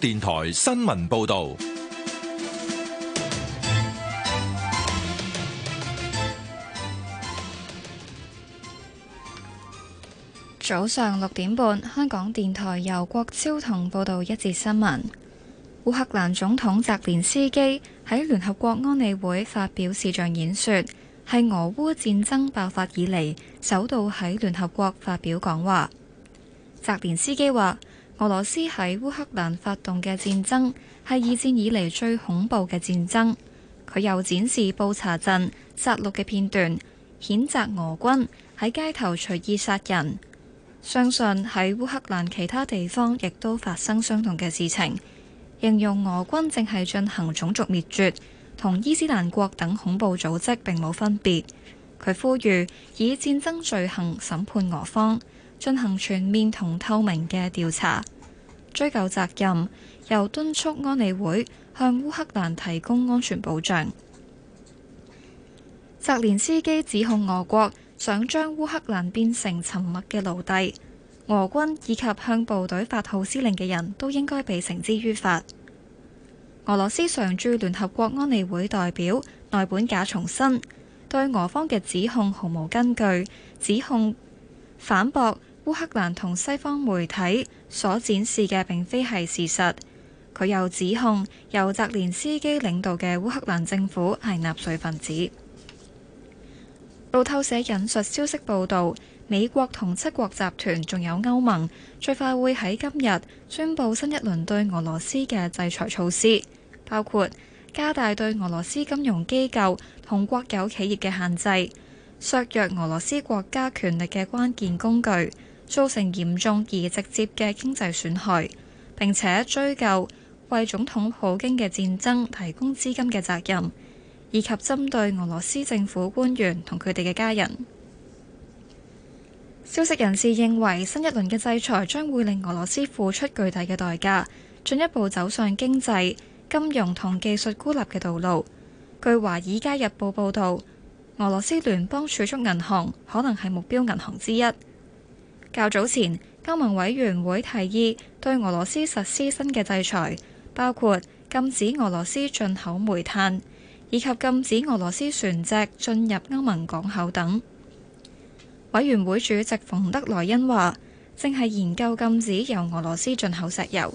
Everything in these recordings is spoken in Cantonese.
電台新聞報道：早上六點半，香港電台由郭超同報道一節新聞。烏克蘭總統澤連斯基喺聯合國安理會發表視像演說，係俄烏戰爭爆發以嚟，首度喺聯合國發表講話。澤連斯基話。俄羅斯喺烏克蘭發動嘅戰爭係二戰以嚟最恐怖嘅戰爭。佢又展示布查鎮殺戮嘅片段，譴責俄軍喺街頭隨意殺人。相信喺烏克蘭其他地方亦都發生相同嘅事情。形容俄軍正係進行種族滅絕，同伊斯蘭國等恐怖組織並冇分別。佢呼籲以戰爭罪行審判俄方。進行全面同透明嘅調查，追究責任，由敦促安理會向烏克蘭提供安全保障。澤連斯基指控俄國想將烏克蘭變成沉默嘅奴隸，俄軍以及向部隊發號施令嘅人都應該被繩之於法。俄羅斯常駐聯合國安理會代表內本賈重申，對俄方嘅指控毫無根據，指控反駁。烏克蘭同西方媒體所展示嘅並非係事實。佢又指控由澤連斯基領導嘅烏克蘭政府係納粹分子。路透社引述消息報道，美國同七國集團仲有歐盟最快會喺今日宣布新一輪對俄羅斯嘅制裁措施，包括加大對俄羅斯金融機構同國有企業嘅限制，削弱俄羅斯國家權力嘅關鍵工具。造成嚴重而直接嘅經濟損害，並且追究為總統普京嘅戰爭提供資金嘅責任，以及針對俄羅斯政府官員同佢哋嘅家人。消息人士認為，新一輪嘅制裁將會令俄羅斯付出巨大嘅代價，進一步走上經濟、金融同技術孤立嘅道路。據《華爾街日報》報導，俄羅斯聯邦儲蓄銀行可能係目標銀行之一。較早前，歐盟委員會提議對俄羅斯實施新嘅制裁，包括禁止俄羅斯進口煤炭，以及禁止俄羅斯船隻進入歐盟港口等。委員會主席馮德萊恩話，正係研究禁止由俄羅斯進口石油。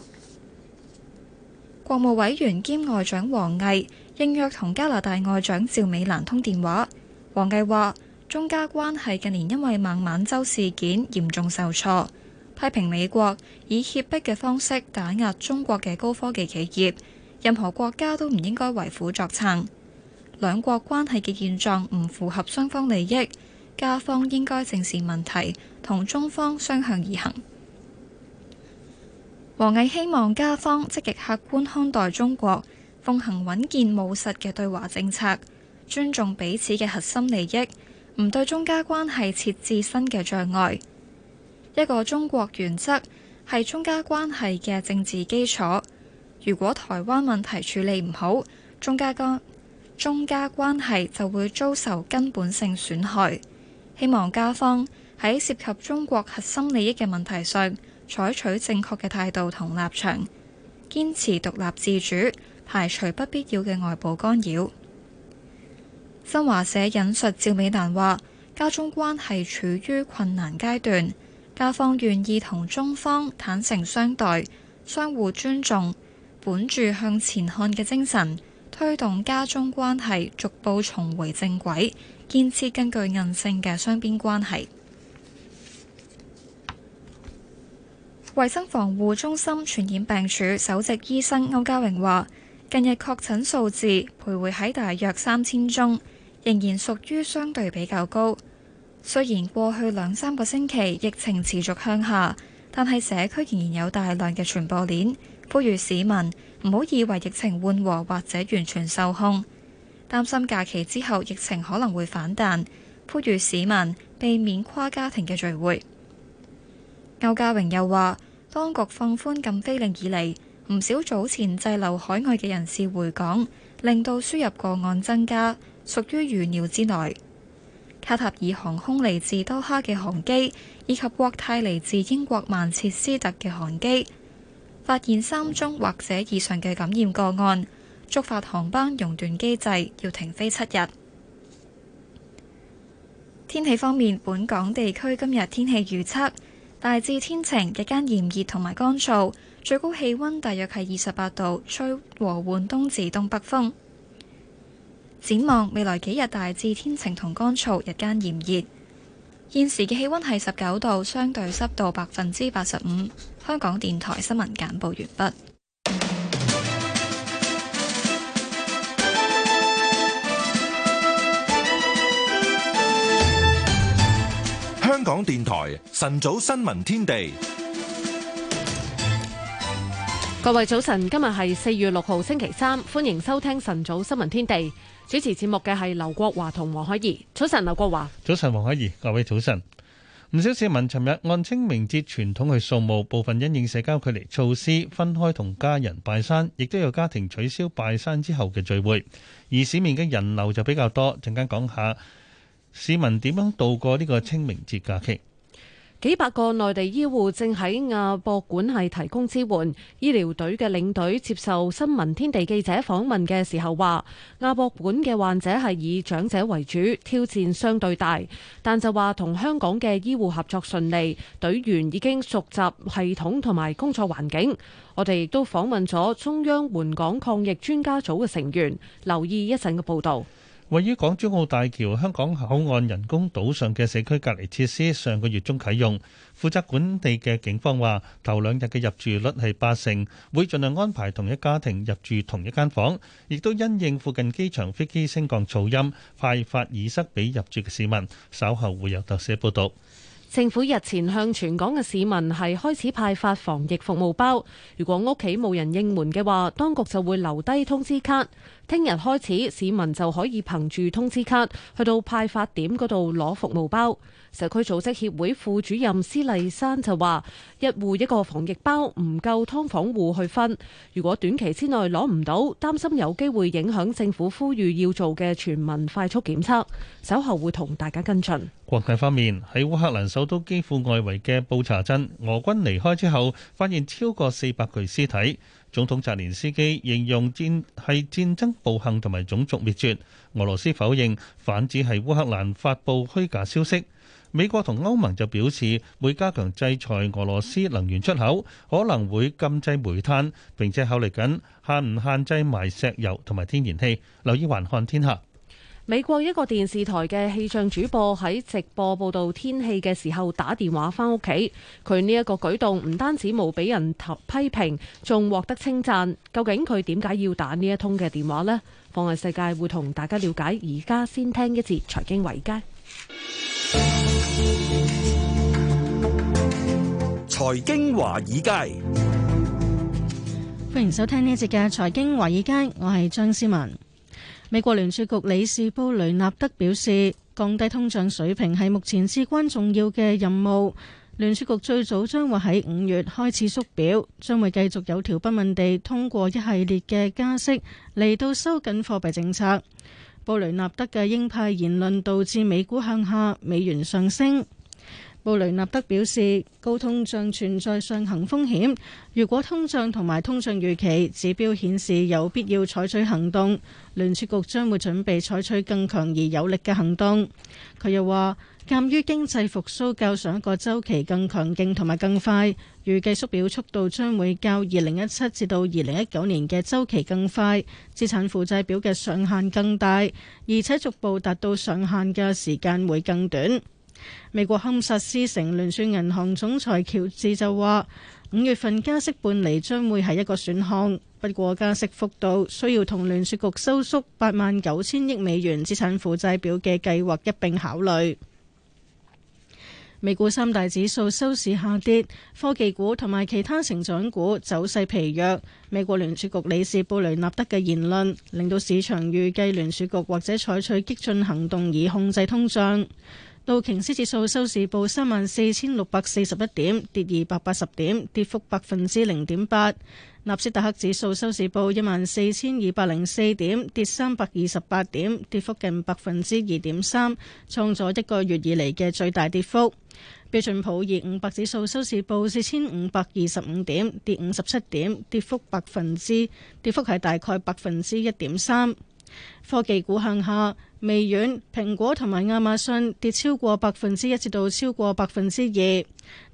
國務委員兼外長王毅應約同加拿大外長趙美蘭通電話。王毅話。中加關係近年因為孟晚舟事件嚴重受挫，批評美國以脅迫嘅方式打壓中國嘅高科技企業，任何國家都唔應該為虎作倀。兩國關係嘅現狀唔符合雙方利益，加方應該正視問題，同中方相向而行。王毅希望加方積極客觀看待中國，奉行穩健務實嘅對華政策，尊重彼此嘅核心利益。唔對中加關係設置新嘅障礙，一個中國原則係中加關係嘅政治基礎。如果台灣問題處理唔好，中加關中加關係就會遭受根本性損害。希望加方喺涉及中國核心利益嘅問題上，採取正確嘅態度同立場，堅持獨立自主，排除不必要嘅外部干擾。新華社引述趙美蘭話：加中關係處於困難階段，加方願意同中方坦誠相待，相互尊重，本住向前看嘅精神，推動加中關係逐步重回正軌，建設更具韌性嘅雙邊關係。衛生防護中心傳染病處首席醫生歐家榮話：近日確診數字徘徊喺大約三千宗。仍然屬於相對比較高。雖然過去兩三個星期疫情持續向下，但係社區仍然有大量嘅傳播鏈。呼籲市民唔好以為疫情緩和或者完全受控，擔心假期之後疫情可能會反彈。呼籲市民避免跨家庭嘅聚會。歐家榮又話，當局放寬禁飛令以嚟，唔少早前滯留海外嘅人士回港，令到輸入個案增加。屬於預料之內。卡塔爾航空嚟自多哈嘅航機，以及國泰嚟自英國曼徹斯特嘅航機，發現三宗或者以上嘅感染個案，觸發航班熔斷機制，要停飛七日。天氣方面，本港地區今日天氣預測大致天晴，日間炎熱同埋乾燥，最高氣温大約係二十八度，吹和緩東至東北風。展望未來幾日大致天晴同乾燥，日間炎熱。現時嘅氣溫係十九度，相對濕度百分之八十五。香港電台新聞簡報完畢。香港電台晨早新聞天地。各位早晨，今日係四月六號星期三，歡迎收聽晨早新聞天地。主持節目嘅係劉國華同黃海怡。早晨，劉國華。早晨，黃海怡。各位早晨。唔少市民尋日按清明節傳統去掃墓，部分因應社交距離措施，分開同家人拜山，亦都有家庭取消拜山之後嘅聚會。而市面嘅人流就比較多。陣間講下市民點樣度過呢個清明節假期。幾百個內地醫護正喺亞博館係提供支援，醫療隊嘅領隊接受新聞天地記者訪問嘅時候話：亞博館嘅患者係以長者為主，挑戰相對大，但就話同香港嘅醫護合作順利，隊員已經熟習系統同埋工作環境。我哋亦都訪問咗中央援港抗疫專家組嘅成員，留意一陣嘅報道。位於港珠澳大橋香港口岸人工島上的社區隔離設施上個月中啟用，負責管理的警方話，頭兩日的入住率係八成，會盡量安排同一家庭入住同一間房，亦都因應附近機場飛機升降噪音，快發耳塞俾入住的市民，稍後會有特寫報道。政府日前向全港嘅市民係開始派發防疫服務包，如果屋企冇人應門嘅話，當局就會留低通知卡。聽日開始，市民就可以憑住通知卡去到派發點嗰度攞服務包。社區組織協會副主任施麗珊就話：一戶一個防疫包唔夠，劏房戶去分。如果短期之內攞唔到，擔心有機會影響政府呼籲要做嘅全民快速檢測。稍後會同大家跟進。國際方面，喺烏克蘭首都基輔外圍嘅布查鎮，俄軍離開之後，發現超過四百具屍體。總統澤連斯基形容戰係戰爭暴行同埋種族滅絕。俄羅斯否認，反指係烏克蘭發布虛假消息。美國同歐盟就表示會加強制裁俄羅斯能源出口，可能會禁制煤炭，並且考慮緊限唔限制埋石油同埋天然氣。留意環看天下。美國一個電視台嘅氣象主播喺直播報道天氣嘅時候打電話返屋企，佢呢一個舉動唔單止冇俾人批評，仲獲得稱讚。究竟佢點解要打呢一通嘅電話呢？放眼世界會同大家了解，而家先聽一節財經維佳。財經華爾街，歡迎收聽呢一節嘅財經華爾街，我係張思文。美國聯儲局理事布雷納德表示，降低通脹水平係目前至關重要嘅任務。聯儲局最早將會喺五月開始縮表，將會繼續有條不紊地通過一系列嘅加息嚟到收緊貨幣政策。布雷納德嘅鷹派言論導致美股向下，美元上升。布雷納德表示，高通脹存在上行風險，如果通脹同埋通脹預期指標顯示有必要採取行動，聯儲局將會準備採取更強而有力嘅行動。佢又話。鑑於經濟復蘇較，較，較上一個周期更強勁，同埋更快，預計縮表速度將會較二零一七至到二零一九年嘅周期更快，資產負債表嘅上限更大，而且逐步達到上限嘅時間會更短。美國堪薩斯城聯儲銀行總裁喬治就話：五月份加息半厘將會係一個選項，不過加息幅度需要同聯儲局收縮八萬九千億美元資產負債表嘅計劃一併考慮。美股三大指數收市下跌，科技股同埋其他成長股走勢疲弱。美國聯儲局理事布雷納德嘅言論令到市場預計聯儲局或者採取激進行動以控制通脹。道瓊斯指數收市報三萬四千六百四十一點，跌二百八十點，跌幅百分之零點八。納斯達克指數收市報一萬四千二百零四點，跌三百二十八點，跌幅近百分之二點三，創咗一個月以嚟嘅最大跌幅。標準普爾五百指數收市報四千五百二十五點，跌五十七點，跌幅百分之跌幅係大概百分之一點三。科技股向下。微軟、蘋果同埋亞馬遜跌超過百分之一至到超過百分之二。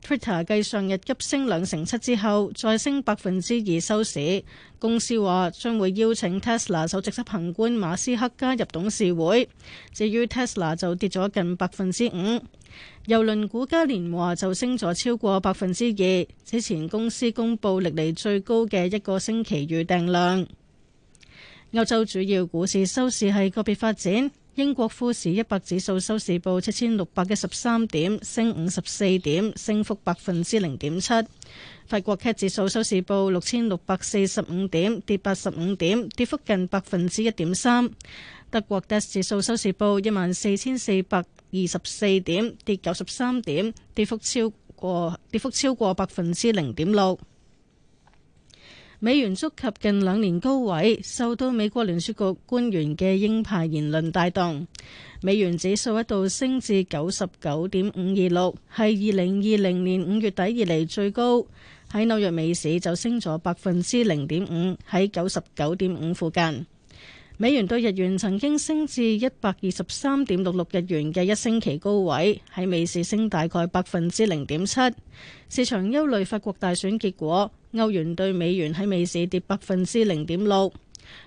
Twitter 繼上日急升兩成七之後，再升百分之二收市。公司話將會邀請 Tesla 首席執行官馬斯克加入董事會。至於 Tesla 就跌咗近百分之五。郵輪股嘉年華就升咗超過百分之二。此前公司公佈歷嚟最高嘅一個星期預訂量。歐洲主要股市收市係個別發展，英國富時一百指數收市報七千六百一十三點，升五十四點，升幅百分之零點七。法國 CAC 指數收市報六千六百四十五點，跌八十五點，跌幅近百分之一點三。德國 DAX 指數收市報一萬四千四百二十四點，跌九十三點，跌幅超過跌幅超過百分之零點六。美元觸及近兩年高位，受到美國聯儲局官員嘅鷹派言論帶動，美元指數一度升至九十九點五二六，係二零二零年五月底以嚟最高。喺紐約美市就升咗百分之零點五，喺九十九點五附近。美元兌日元曾經升至一百二十三點六六日元嘅一星期高位，喺美市升大概百分之零點七。市場憂慮法國大選結果，歐元對美元喺美市跌百分之零點六。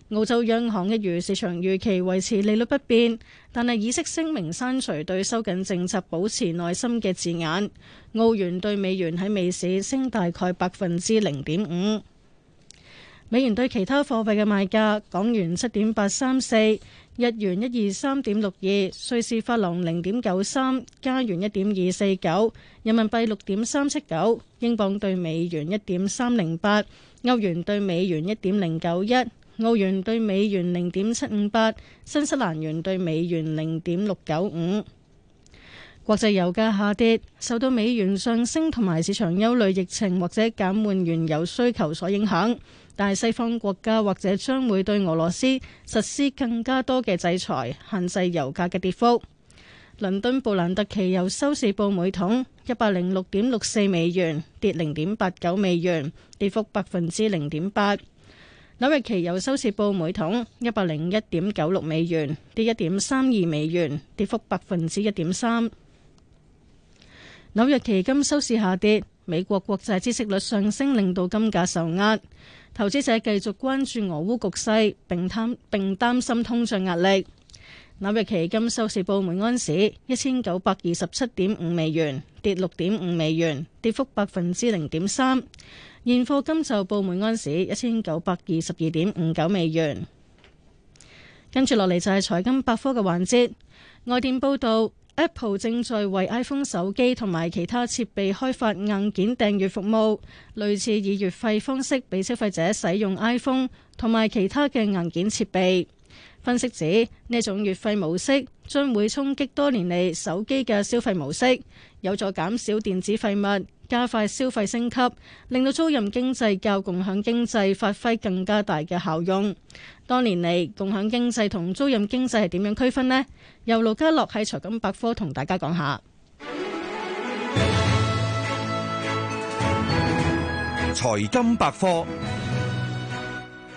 澳洲央行一如市場預期維持利率不變，但係議息聲明刪除對收緊政策保持耐心嘅字眼。澳元對美元喺美市升大概百分之零點五。美元對其他貨幣嘅賣價：港元七點八三四，日元一二三點六二，瑞士法郎零點九三，加元一點二四九，人民幣六點三七九，英鎊對美元一點三零八，歐元對美元一點零九一，澳元對美元零點七五八，新西蘭元對美元零點六九五。國際油價下跌，受到美元上升同埋市場憂慮疫情或者減緩原油需求所影響。大西方國家或者將會對俄羅斯實施更加多嘅制裁，限制油價嘅跌幅。倫敦布蘭特期油收市報每桶一百零六點六四美元，跌零點八九美元，跌幅百分之零點八。紐約期油收市報每桶一百零一點九六美元，跌一點三二美元，跌幅百分之一點三。紐約期金收市下跌，美國國債孳息率上升，令到金價受壓。投資者繼續關注俄烏局勢，並擔並擔心通脹壓力。紐約期金收市報每安士一千九百二十七點五美元，跌六點五美元，跌幅百分之零點三。現貨金就報每安士一千九百二十二點五九美元。跟住落嚟就係財金百科嘅環節。外電報道。Apple 正在為 iPhone 手機同埋其他設備開發硬件訂閱服務，類似以月費方式俾消費者使用 iPhone 同埋其他嘅硬件設備。分析指，呢種月費模式將會衝擊多年嚟手機嘅消費模式，有助減少電子廢物，加快消費升級，令到租賃經濟較共享經濟發揮更加大嘅效用。多年嚟，共享經濟同租賃經濟係點樣區分呢？由盧家樂喺財金百科同大家講下。財金百科，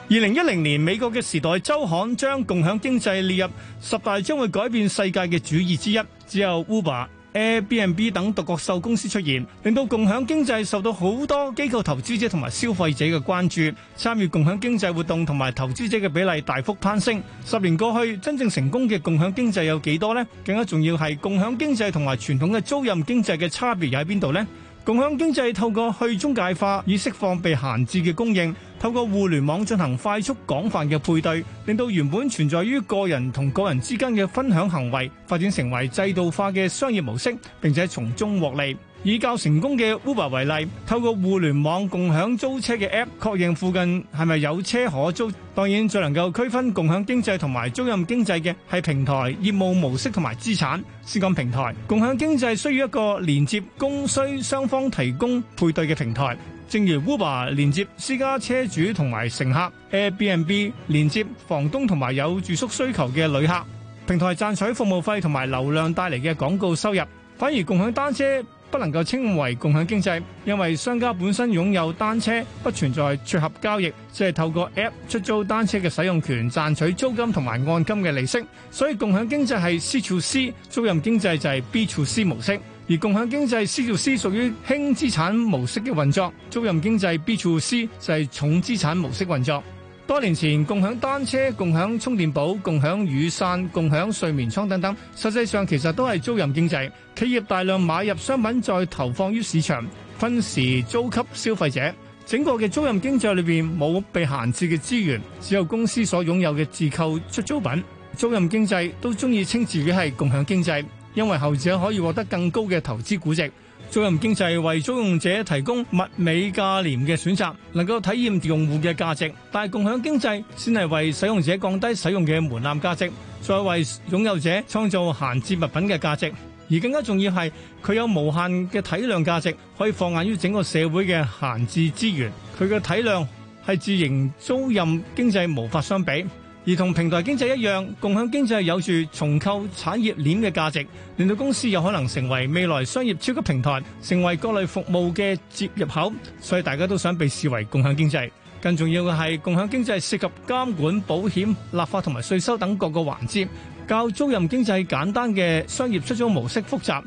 二零一零年美國嘅《時代》周刊將共享經濟列入十大將會改變世界嘅主義之一，只有 Uber、Airbnb 等獨角獸公司出現，令到共享經濟受到好多機構投資者同埋消費者嘅關注，參與共享經濟活動同埋投資者嘅比例大幅攀升。十年過去，真正成功嘅共享經濟有幾多呢？更加重要係共享經濟同埋傳統嘅租賃經濟嘅差別又喺邊度呢？共享經濟透過去中介化以釋放被閒置嘅供應。透過互聯網進行快速廣泛嘅配對，令到原本存在於個人同個人之間嘅分享行為發展成為制度化嘅商業模式，並且從中獲利。以較成功嘅 Uber 為例，透過互聯網共享租車嘅 App 確認附近係咪有車可租。當然，最能夠區分共享經濟同埋租賃經濟嘅係平台業務模式同埋資產。先講平台，共享經濟需要一個連接供需雙方提供配對嘅平台。正如 Uber 連接私家車主同埋乘客，Airbnb 連接房東同埋有住宿需求嘅旅客，平台賺取服務費同埋流量帶嚟嘅廣告收入。反而共享單車不能夠稱為共享經濟，因為商家本身擁有單車，不存在撮合交易，只係透過 App 出租單車嘅使用權賺取租金同埋按金嘅利息。所以共享經濟係 C to C，租賃經濟就係 B to C 模式。而共享經濟 C2C 屬於輕資產模式嘅運作，租賃經濟 B2C 就係重資產模式運作。多年前共享單車、共享充電寶、共享雨傘、共享睡眠艙等等，實際上其實都係租賃經濟。企業大量買入商品再投放於市場，分時租給消費者。整個嘅租賃經濟裏邊冇被閒置嘅資源，只有公司所擁有嘅自購出租品。租賃經濟都中意稱自己係共享經濟。因為後者可以獲得更高嘅投資估值，租賃經濟為租用者提供物美價廉嘅選擇，能夠體驗用戶嘅價值。但係共享經濟先係為使用者降低使用嘅門檻價值，再為擁有者創造閒置物品嘅價值。而更加重要係，佢有無限嘅體量價值，可以放眼於整個社會嘅閒置資源。佢嘅體量係自營租賃經濟無法相比。而同平台經濟一樣，共享經濟有住重構產業鏈嘅價值，令到公司有可能成為未來商業超級平台，成為各類服務嘅接入口，所以大家都想被視為共享經濟。更重要嘅係，共享經濟涉及監管、保險、立法同埋稅收等各個環節，較租賃經濟簡單嘅商業出租模式複雜。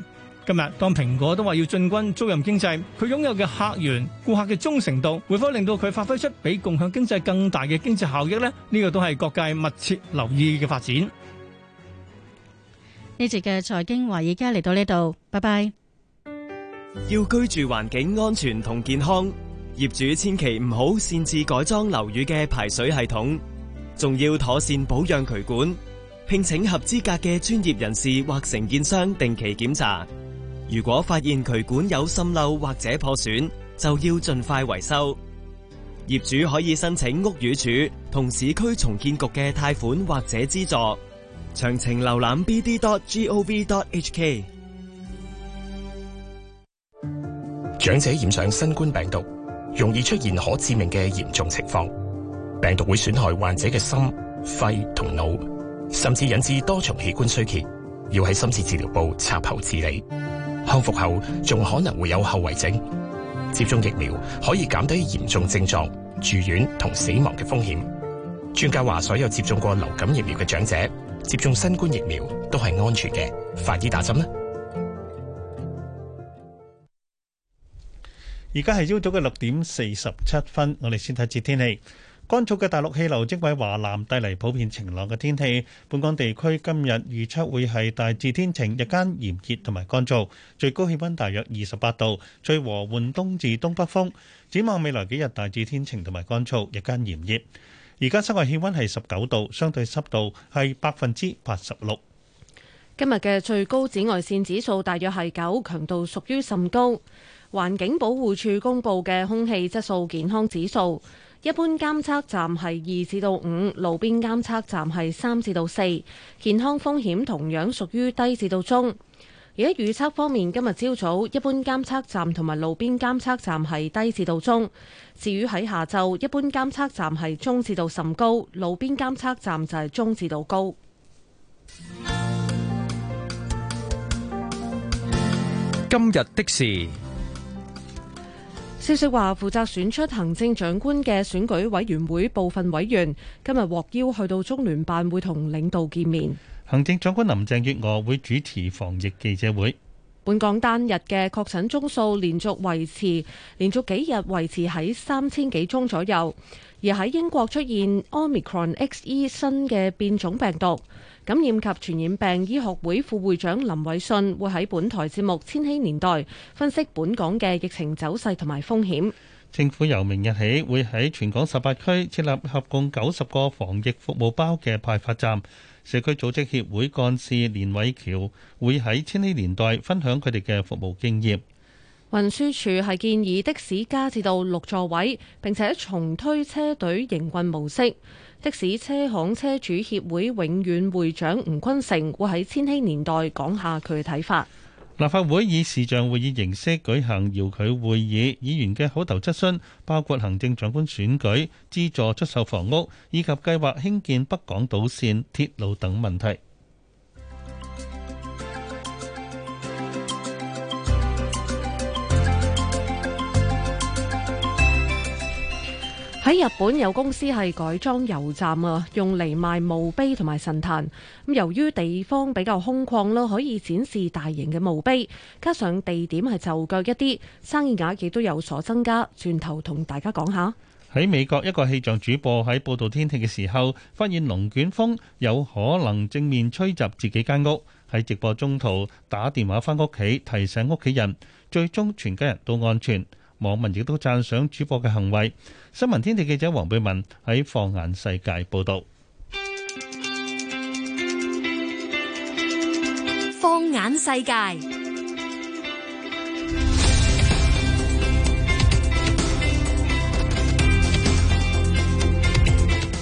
今日當蘋果都話要進軍租賃經濟，佢擁有嘅客源、顧客嘅忠誠度，會否令到佢發揮出比共享經濟更大嘅經濟效益呢？呢、呢個都係各界密切留意嘅發展。呢節嘅財經華爾街嚟到呢度，拜拜。要居住環境安全同健康，業主千祈唔好擅自改裝樓宇嘅排水系統，仲要妥善保養渠管，聘請合資格嘅專業人士或承建商定期檢查。如果發現渠管有滲漏或者破損，就要盡快維修。業主可以申請屋宇署同市區重建局嘅貸款或者資助。詳情瀏覽 bd.gov.hk。長者染上新冠病毒，容易出現可致命嘅嚴重情況，病毒會損害患者嘅心、肺同腦，甚至引致多重器官衰竭，要喺深切治療部插喉治理。康復後仲可能會有後遺症，接種疫苗可以減低嚴重症狀、住院同死亡嘅風險。專家話，所有接種過流感疫苗嘅長者接種新冠疫苗都係安全嘅。快啲打針啦！而家係朝早嘅六點四十七分，我哋先睇節天氣。乾燥嘅大陸氣流即為華南帶嚟普遍晴朗嘅天氣。本港地區今日預測會係大致天晴，日間炎熱同埋乾燥，最高氣溫大約二十八度，最和緩東至東北風。展望未來幾日大致天晴同埋乾燥，日間炎熱。而家室外氣溫係十九度，相對濕度係百分之八十六。今日嘅最高紫外線指數大約係九，強度屬於甚高。環境保護署公布嘅空氣質素健康指數。一般監測站係二至到五，路邊監測站係三至到四，健康風險同樣屬於低至到中。而喺預測方面，今日朝早一般監測站同埋路邊監測站係低至到中，至於喺下晝，一般監測站係中至到甚高，路邊監測站就係中至到高。今日的事。消息話，負責選出行政長官嘅選舉委員會部分委員今日獲邀去到中聯辦會同領導見面。行政長官林鄭月娥會主持防疫記者會。本港單日嘅確診宗數連續維持，連續幾日維持喺三千幾宗左右。而喺英國出現 Omicron XE 新嘅變種病毒。感染及傳染病醫學會副會長林偉信會喺本台節目《千禧年代》分析本港嘅疫情走勢同埋風險。政府由明日起會喺全港十八區設立合共九十個防疫服務包嘅派發站。社區組織協會幹事連偉橋會喺《千禧年代》分享佢哋嘅服務經驗。運輸署係建議的士加至到六座位，並且重推車隊營運模式。的士車行車主協會永遠會長吳坤成會喺千禧年代講下佢嘅睇法。立法會以視像會議形式舉行遙距會議，議員嘅口頭質詢包括行政長官選舉、資助出售房屋以及計劃興建北港島線鐵路等問題。喺日本有公司係改裝油站啊，用嚟賣墓碑同埋神壇。咁由於地方比較空曠咯，可以展示大型嘅墓碑，加上地點係就腳一啲，生意額亦都有所增加。轉頭同大家講下，喺美國一個氣象主播喺報道天氣嘅時候，發現龍捲風有可能正面吹襲自己間屋，喺直播中途打電話返屋企提醒屋企人，最終全家人都安全。網民亦都讚賞主播嘅行為。新聞天地記者黃貝文喺放眼世界報道。放眼世界，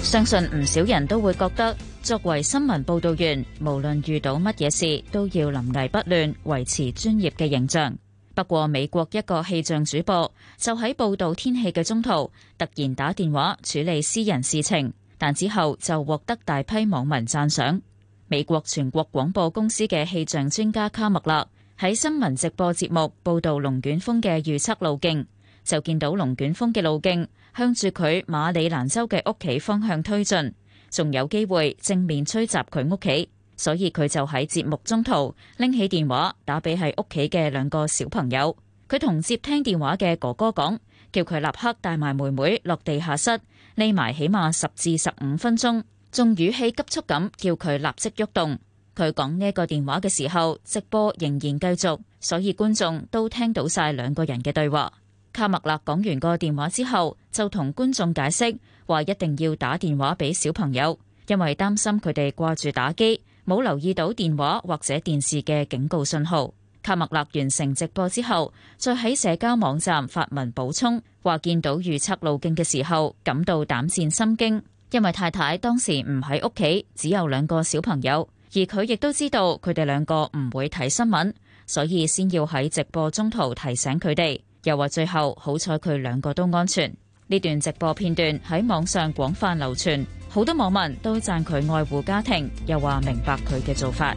相信唔少人都會覺得，作為新聞報道員，無論遇到乜嘢事，都要臨危不亂，維持專業嘅形象。不過，美國一個氣象主播就喺報導天氣嘅中途，突然打電話處理私人事情，但之後就獲得大批網民讚賞。美國全國廣播公司嘅氣象專家卡麥勒喺新聞直播節目報導龍捲風嘅預測路徑，就見到龍捲風嘅路徑向住佢馬里蘭州嘅屋企方向推進，仲有機會正面吹襲佢屋企。所以佢就喺節目中途拎起電話打俾系屋企嘅兩個小朋友，佢同接聽電話嘅哥哥講，叫佢立刻帶埋妹妹落地下室，匿埋起碼十至十五分鐘，仲語氣急促咁叫佢立即喐動。佢講呢個電話嘅時候，直播仍然繼續，所以觀眾都聽到晒兩個人嘅對話。卡麥勒講完個電話之後，就同觀眾解釋話一定要打電話俾小朋友，因為擔心佢哋掛住打機。冇留意到電話或者電視嘅警告信號。卡麥勒完成直播之後，再喺社交網站發文補充，話見到預測路徑嘅時候感到膽戰心驚，因為太太當時唔喺屋企，只有兩個小朋友，而佢亦都知道佢哋兩個唔會睇新聞，所以先要喺直播中途提醒佢哋。又話最後好彩佢兩個都安全。呢段直播片段喺網上廣泛流傳。好多網民都贊佢愛護家庭，又話明白佢嘅做法。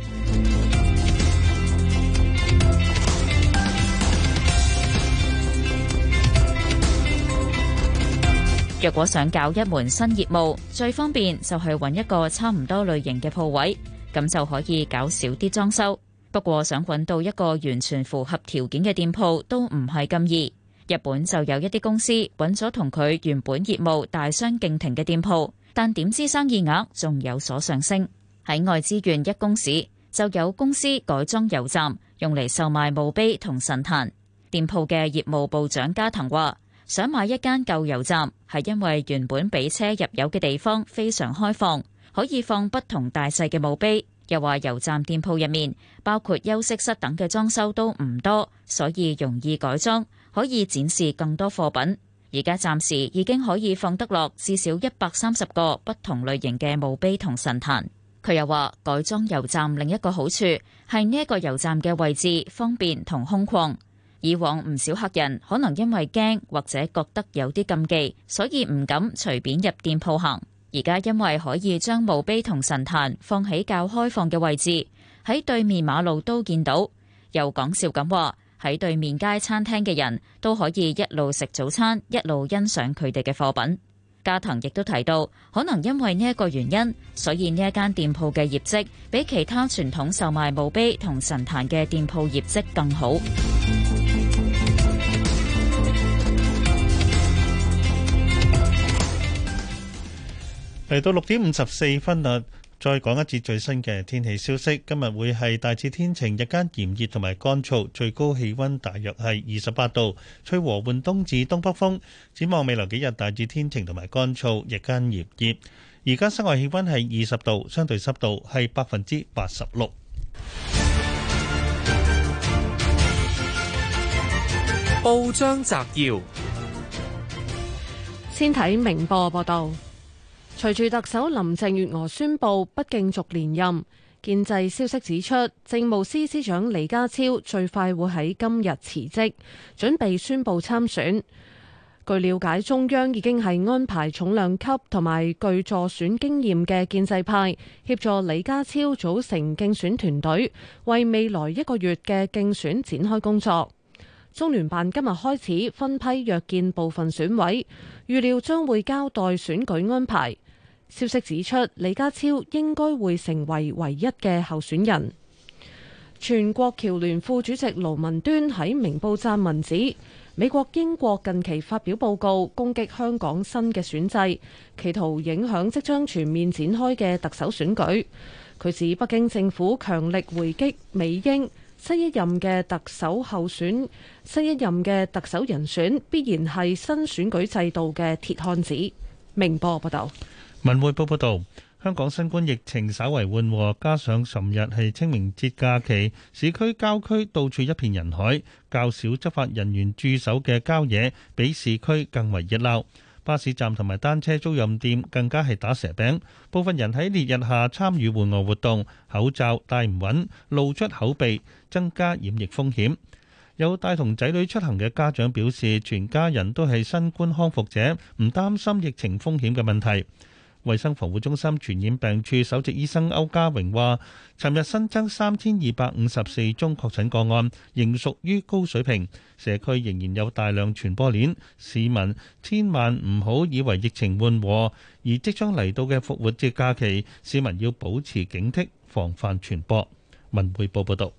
若果想搞一門新業務，最方便就係揾一個差唔多類型嘅鋪位，咁就可以搞少啲裝修。不過想揾到一個完全符合條件嘅店鋪都唔係咁易。日本就有一啲公司揾咗同佢原本業務大相徑庭嘅店鋪。但點知生意額仲有所上升。喺外資縣一公市就有公司改裝油站，用嚟售賣墓碑同神壇。店鋪嘅業務部長加藤話：想買一間舊油站，係因為原本俾車入油嘅地方非常開放，可以放不同大細嘅墓碑。又話油站店鋪入面包括休息室等嘅裝修都唔多，所以容易改裝，可以展示更多貨品。而家暫時已經可以放得落至少一百三十個不同類型嘅墓碑同神壇。佢又話：改裝油站另一個好處係呢個油站嘅位置方便同空曠。以往唔少客人可能因為驚或者覺得有啲禁忌，所以唔敢隨便入店鋪行。而家因為可以將墓碑同神壇放喺較開放嘅位置，喺對面馬路都見到。又講笑咁話。喺對面街餐廳嘅人都可以一路食早餐，一路欣賞佢哋嘅貨品。加藤亦都提到，可能因為呢一個原因，所以呢一間店鋪嘅業績比其他傳統售賣墓碑同神壇嘅店鋪業績更好。嚟到六點五十四分啦。再講一節最新嘅天氣消息。今日會係大致天晴，日間炎熱同埋乾燥，最高氣溫大約係二十八度，吹和緩東至東北風。展望未來幾日，大致天晴同埋乾燥，日間炎熱。而家室外氣溫係二十度，相對濕度係百分之八十六。報章摘要，先睇明報報道。隨住特首林鄭月娥宣布不競逐連任，建制消息指出，政務司司長李家超最快會喺今日辭職，準備宣布參選。據了解，中央已經係安排重量級同埋具助選經驗嘅建制派協助李家超組成競選團隊，為未來一個月嘅競選展開工作。中聯辦今日開始分批約見部分選委，預料將會交代選舉安排。消息指出，李家超應該會成為唯一嘅候選人。全國僑聯副主席盧文端喺明報撰文指，美國、英國近期發表報告攻擊香港新嘅選制，企圖影響即將全面展開嘅特首選舉。佢指北京政府強力回擊美英，新一任嘅特首候選、新一任嘅特首人選必然係新選舉制度嘅鐵漢子。明報報道。文匯報報道，香港新冠疫情稍為緩和，加上尋日係清明節假期，市區郊區到處一片人海，較少執法人員駐守嘅郊野比市區更為熱鬧。巴士站同埋單車租賃店更加係打蛇餅，部分人喺烈日下參與戶外活動，口罩戴唔穩，露出口鼻，增加染疫風險。有帶同仔女出行嘅家長表示，全家人都係新冠康復者，唔擔心疫情風險嘅問題。衛生防護中心傳染病處首席醫生歐家榮話，尋日新增三千二百五十四宗確診個案，仍屬於高水平，社區仍然有大量傳播鏈。市民千萬唔好以為疫情緩和，而即將嚟到嘅復活節假期，市民要保持警惕，防範傳播。文匯報報道，《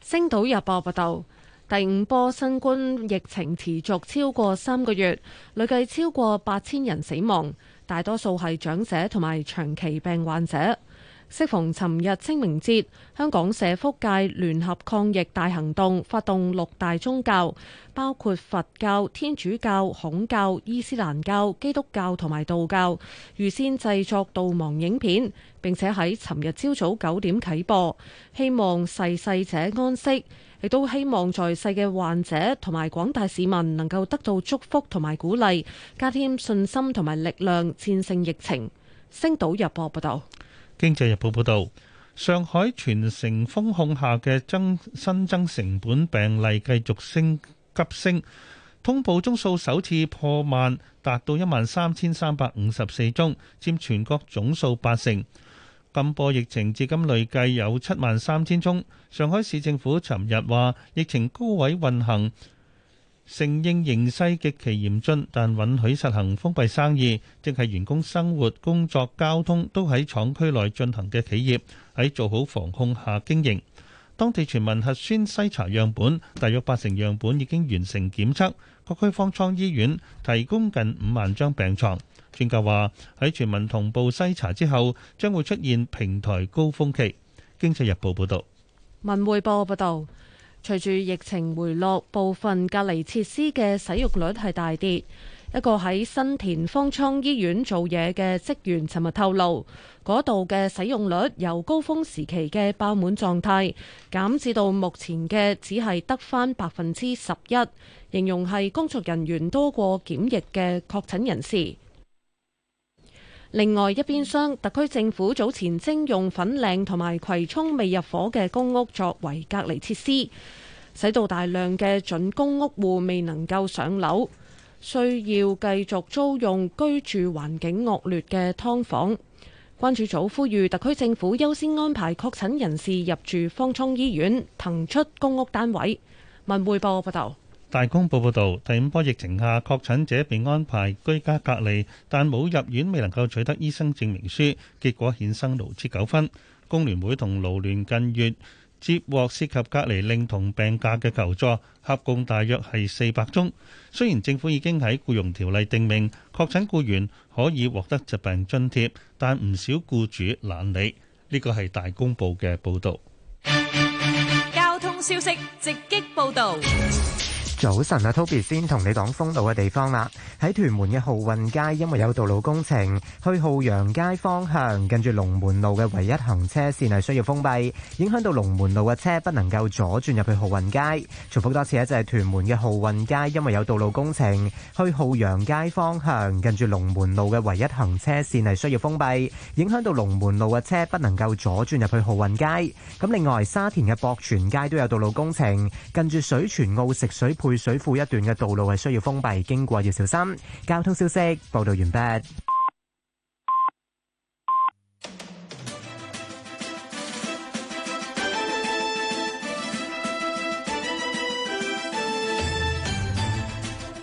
星島日報》報道，第五波新冠疫情持續超過三個月，累計超過八千人死亡。大多數係長者同埋長期病患者。適逢尋日清明節，香港社福界聯合抗疫大行動，發動六大宗教，包括佛教、天主教、孔教、伊斯蘭教、基督教同埋道教，預先製作悼亡影片，並且喺尋日朝早九點啟播，希望逝世者安息。亦都希望在世嘅患者同埋廣大市民能夠得到祝福同埋鼓勵，加添信心同埋力量，戰勝疫情。星島日報報道，經濟日報報道，上海全城封控下嘅增新增成本病例繼續升急升，通報宗數首次破萬，達到一萬三千三百五十四宗，佔全國總數八成。今波疫情至今累計有七萬三千宗。上海市政府尋日話疫情高位運行，承認形勢極其嚴峻，但允許實行封閉生意，即係員工生活、工作、交通都喺廠區內進行嘅企業喺做好防控下經營，當地全民核酸篩查樣本，大約八成樣本已經完成檢測，各區方艙醫院提供近五萬張病床。專家話喺全民同步篩查之後，將會出現平台高峰期。《經濟日報》報道，文匯報報道，隨住疫情回落，部分隔離設施嘅使用率係大跌。一個喺新田方艙醫院做嘢嘅職員，尋日透露，嗰度嘅使用率由高峰時期嘅爆滿狀態，減至到目前嘅只係得返百分之十一，形容係工作人員多過檢疫嘅確診人士。另外一邊廂，商特區政府早前徵用粉嶺同埋葵涌未入伙嘅公屋作為隔離設施，使到大量嘅準公屋戶未能夠上樓，需要繼續租用居住環境惡劣嘅劏房。關注組呼籲特區政府優先安排確診人士入住方艙醫院，騰出公屋單位。文匯報報道。大公報報道，第五波疫情下，確診者被安排居家隔離，但冇入院，未能夠取得醫生證明書，結果衍生勞資糾紛。工聯會同勞聯近月接獲涉及隔離令同病假嘅求助，合共大約係四百宗。雖然政府已經喺僱傭條例定明，確診僱員可以獲得疾病津貼，但唔少僱主懶理。呢個係大公報嘅報道。交通消息直擊報道。早晨啊，Toby 先同你講封路嘅地方啦。喺屯門嘅浩運街，因為有道路工程，去浩洋街方向，近住龍門路嘅唯一行車線係需要封閉，影響到龍門路嘅車不能夠左轉入去浩運街。重複多次啊，就係屯門嘅浩運街，因為有道路工程，去浩洋街方向，近住龍門路嘅唯一行車線係需要封閉，影響到龍門路嘅車不能夠左轉入去浩運街。咁另外，沙田嘅博泉街都有道路工程，近住水泉澳食水盤配水庫一段嘅道路係需要封閉，經過要小心。交通消息報道完畢。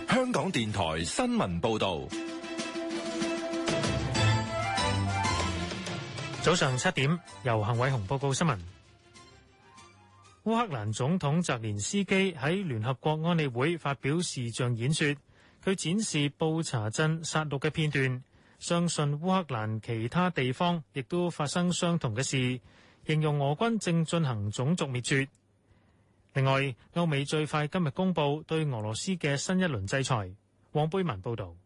香港電台新聞報道，早上七點，由幸偉雄報告新聞。烏克蘭總統澤連斯基喺聯合國安理會發表視像演說，佢展示布查鎮殺戮嘅片段，相信烏克蘭其他地方亦都發生相同嘅事，形容俄軍正進行種族滅絕。另外，歐美最快今日公布對俄羅斯嘅新一輪制裁。黃貝文報道。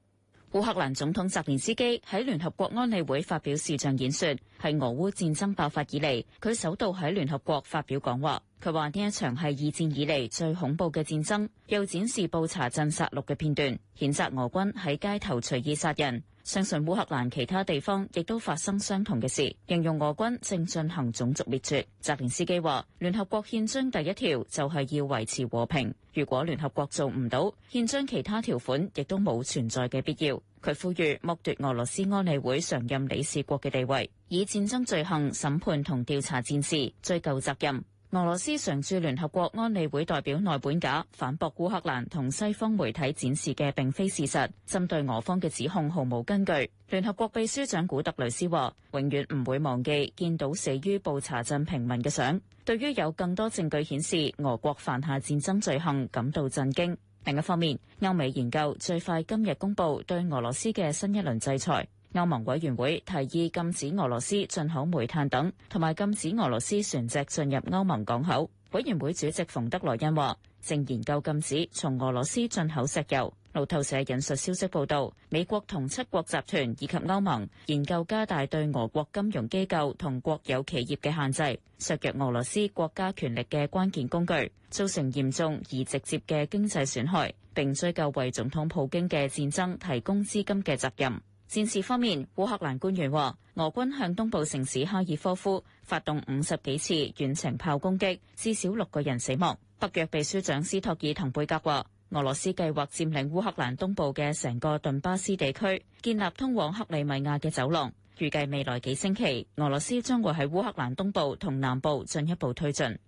烏克蘭總統澤連斯基喺聯合國安理會發表視像演說，係俄烏戰爭爆發以嚟，佢首度喺聯合國發表講話。佢話呢一場係二戰以嚟最恐怖嘅戰爭，又展示布查鎮殺戮嘅片段，譴責俄軍喺街頭隨意殺人。相信烏克蘭其他地方亦都發生相同嘅事，形容俄軍正進行種族滅絕。澤連斯基話：聯合國憲章第一條就係要維持和平，如果聯合國做唔到，憲章其他條款亦都冇存在嘅必要。佢呼籲剝奪俄羅斯安理會常任理事國嘅地位，以戰爭罪行審判同調查戰事，追究責任。俄羅斯常駐聯合國安理會代表內本賈反駁烏克蘭同西方媒體展示嘅並非事實。針對俄方嘅指控，毫無根據。聯合國秘書長古特雷斯話，永遠唔會忘記見到死於布查鎮平民嘅相。對於有更多證據顯示俄國犯下戰爭罪行，感到震驚。另一方面，歐美研究最快今日公布對俄羅斯嘅新一輪制裁。歐盟委員會提議禁止俄羅斯進口煤炭等，同埋禁止俄羅斯船隻進入歐盟港口。委員會主席馮德萊恩話，正研究禁止從俄羅斯進口石油。路透社引述消息報道，美國同七國集團以及歐盟研究加大對俄國金融機構同國有企業嘅限制，削弱俄羅斯國家權力嘅關鍵工具，造成嚴重而直接嘅經濟損害，並追究為總統普京嘅戰爭提供資金嘅責任。戰事方面，烏克蘭官員話，俄軍向東部城市哈爾科夫發動五十幾次遠程炮攻擊，至少六個人死亡。北約秘書長斯托爾滕貝格話，俄羅斯計劃佔領烏克蘭東部嘅成個頓巴斯地區，建立通往克里米亞嘅走廊。預計未來幾星期，俄羅斯將會喺烏克蘭東部同南部進一步推進。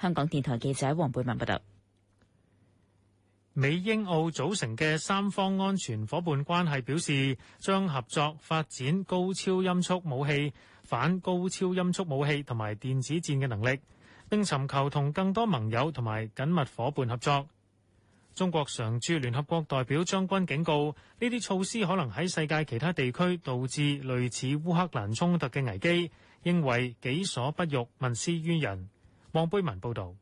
香港電台記者黃貝文報道。美英澳組成嘅三方安全伙伴關係表示，將合作發展高超音速武器、反高超音速武器同埋電子戰嘅能力，並尋求同更多盟友同埋緊密伙伴合作。中國常駐聯合國代表張軍警告，呢啲措施可能喺世界其他地區導致類似烏克蘭衝突嘅危機，認為己所不欲，勿施於人。黃貝文報道。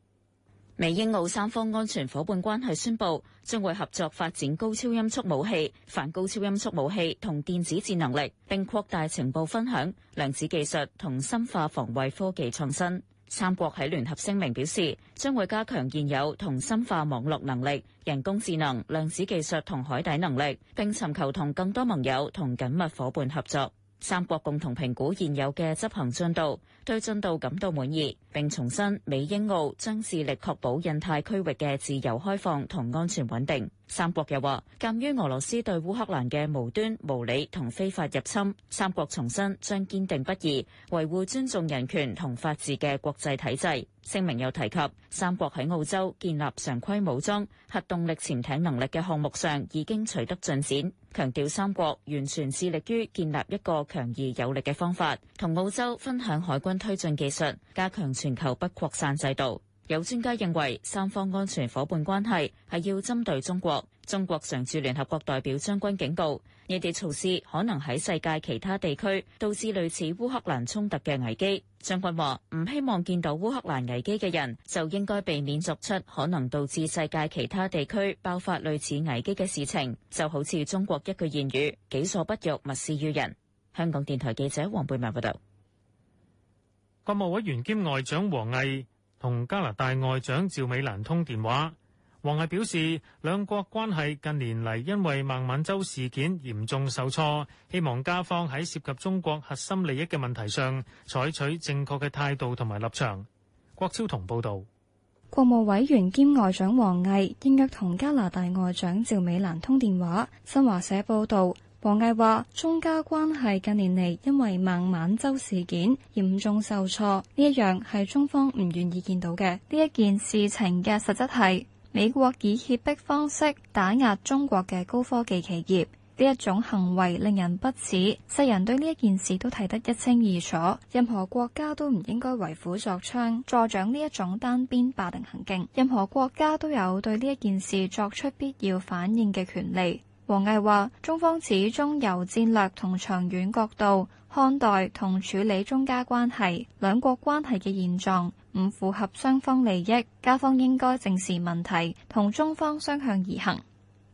美英澳三方安全伙伴關係宣布，將會合作發展高超音速武器、反高超音速武器同電子戰能力，並擴大情報分享、量子技術同深化防衛科技創新。三國喺聯合聲明表示，將會加強現有同深化網絡能力、人工智能、量子技術同海底能力，並尋求同更多盟友同緊密伙伴合作。三國共同評估現有嘅執行進度，對進度感到滿意，並重申美英澳將致力確保印太區域嘅自由開放同安全穩定。三國又話，鑑於俄羅斯對烏克蘭嘅無端無理同非法入侵，三國重申將堅定不移，維護尊重人權同法治嘅國際體制。聲明又提及，三國喺澳洲建立常規武裝，核動力潛艇能力嘅項目上已經取得進展。強調三國完全致力於建立一個強而有力嘅方法，同澳洲分享海軍推進技術，加強全球不擴散制度。有專家認為，三方安全伙伴關係係要針對中國。中國常駐聯合國代表張軍警告，內地措施可能喺世界其他地區導致類似烏克蘭衝突嘅危機。張軍話：唔希望見到烏克蘭危機嘅人，就應該避免作出可能導致世界其他地區爆發類似危機嘅事情。就好似中國一句諺語：己所不欲，勿施於人。香港電台記者黃貝文報道。國務委員兼外長王毅同加拿大外長趙美蘭通電話。王毅表示，兩國關係近年嚟因為孟晚舟事件嚴重受挫，希望加方喺涉及中國核心利益嘅問題上採取正確嘅態度同埋立場。郭超同報道，國務委員兼外長王毅應約同加拿大外長趙美蘭通電話，新華社報道，王毅話中加關係近年嚟因為孟晚舟事件嚴重受挫，呢一樣，係中方唔願意見到嘅。呢一件事情嘅實質係。美國以脅迫方式打壓中國嘅高科技企業，呢一種行為令人不齒，世人對呢一件事都睇得一清二楚。任何國家都唔應該為虎作倀，助長呢一種單邊霸凌行徑，任何國家都有對呢一件事作出必要反應嘅權利。王毅話，中方始終由戰略同長遠角度看待同處理中加關係。兩國關係嘅現狀，唔符合雙方利益，加方應該正視問題，同中方相向而行。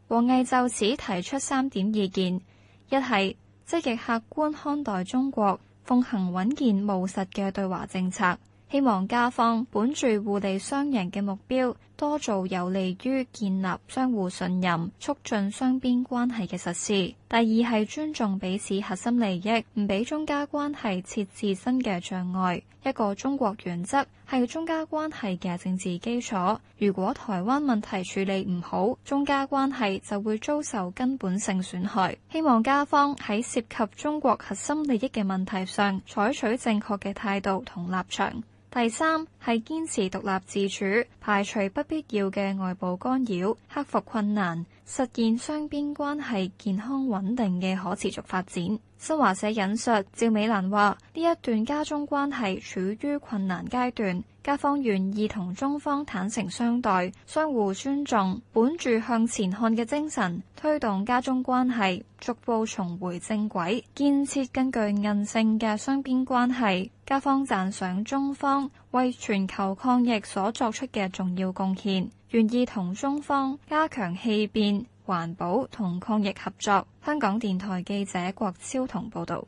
王毅就此提出三點意見：一係積極客觀看待中國，奉行穩健務實嘅對華政策，希望加方本住互利雙贏嘅目標。多做有利於建立相互信任、促進雙邊關係嘅實事，第二係尊重彼此核心利益，唔俾中加關係設置新嘅障礙，一個中國原則係中加關係嘅政治基礎，如果台灣問題處理唔好，中加關係就會遭受根本性損害。希望加方喺涉及中國核心利益嘅問題上，採取正確嘅態度同立場。第三是堅持獨立自主，排除不必要嘅外部干擾，克服困難。實現雙邊關係健康穩定嘅可持續發展。新華社引述趙美蘭話：呢一段加中關係處於困難階段，加方願意同中方坦誠相待，相互尊重，本住向前看嘅精神，推動加中關係逐步重回正軌，建設更具韌性嘅雙邊關係。加方讚賞中方。為全球抗疫所作出嘅重要貢獻，願意同中方加強氣變、環保同抗疫合作。香港電台記者郭超彤報道。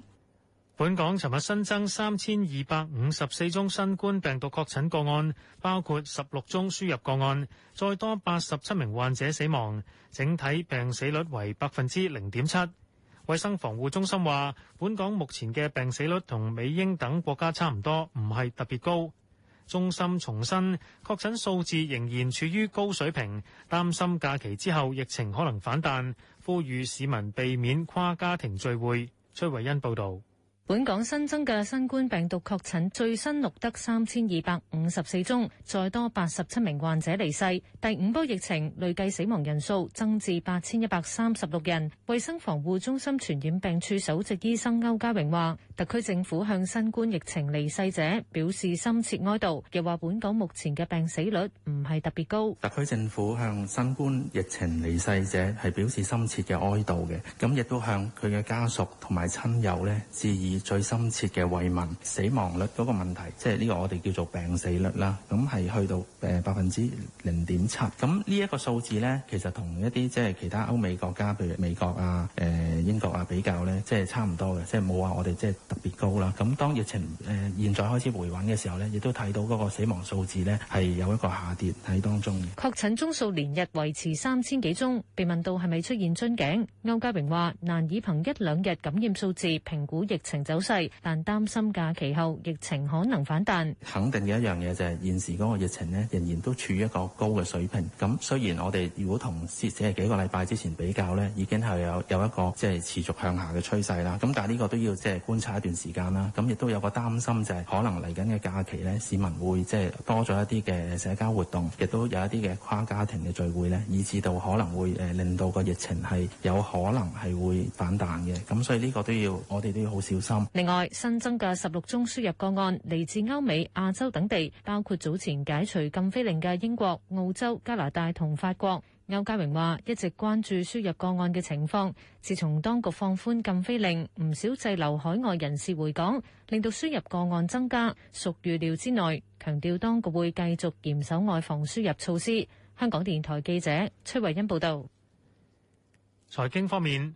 本港尋日新增三千二百五十四宗新冠病毒確診個案，包括十六宗輸入個案，再多八十七名患者死亡，整體病死率為百分之零點七。衛生防護中心話，本港目前嘅病死率同美英等國家差唔多，唔係特別高。中心重申，確診數字仍然處於高水平，擔心假期之後疫情可能反彈，呼籲市民避免跨家庭聚會，崔慧欣報道。本港新增嘅新冠病毒確診最新錄得三千二百五十四宗，再多八十七名患者離世。第五波疫情累計死亡人數增至八千一百三十六人。衛生防護中心傳染病處首席醫生歐家榮話，特區政府向新冠疫情離世者表示深切哀悼，又話本港目前嘅病死率唔係特別高。特區政府向新冠疫情離世者係表示深切嘅哀悼嘅，咁亦都向佢嘅家屬同埋親友呢致意。最深切嘅慰問，死亡率嗰個問題，即係呢個我哋叫做病死率啦，咁係去到誒百分之零點七，咁呢一個數字呢，其實同一啲即係其他歐美國家，譬如美國啊、誒、呃、英國啊比較呢，即係差唔多嘅，即係冇話我哋即係特別高啦。咁當疫情誒、呃、現在開始回穩嘅時候呢，亦都睇到嗰個死亡數字呢係有一個下跌喺當中。確診宗數連日維持三千幾宗，被問到係咪出現樽頸，歐家榮話難以憑一兩日感染數字評估疫情。走勢，但擔心假期後疫情可能反彈。肯定嘅一樣嘢就係現時嗰個疫情咧，仍然都處於一個高嘅水平。咁雖然我哋如果同即係幾個禮拜之前比較咧，已經係有有一個即係持續向下嘅趨勢啦。咁但係呢個都要即係觀察一段時間啦。咁亦都有個擔心就係可能嚟緊嘅假期咧，市民會即係多咗一啲嘅社交活動，亦都有一啲嘅跨家庭嘅聚會咧，以至到可能會誒令到個疫情係有可能係會反彈嘅。咁所以呢個都要我哋都要好小心。另外，新增嘅十六宗輸入個案嚟自歐美、亞洲等地，包括早前解除禁飛令嘅英國、澳洲、加拿大同法國。歐家榮話：一直關注輸入個案嘅情況，自從當局放寬禁飛令，唔少滯留海外人士回港，令到輸入個案增加，屬預料之內。強調當局會繼續嚴守外防輸入措施。香港電台記者崔慧欣報道。財經方面。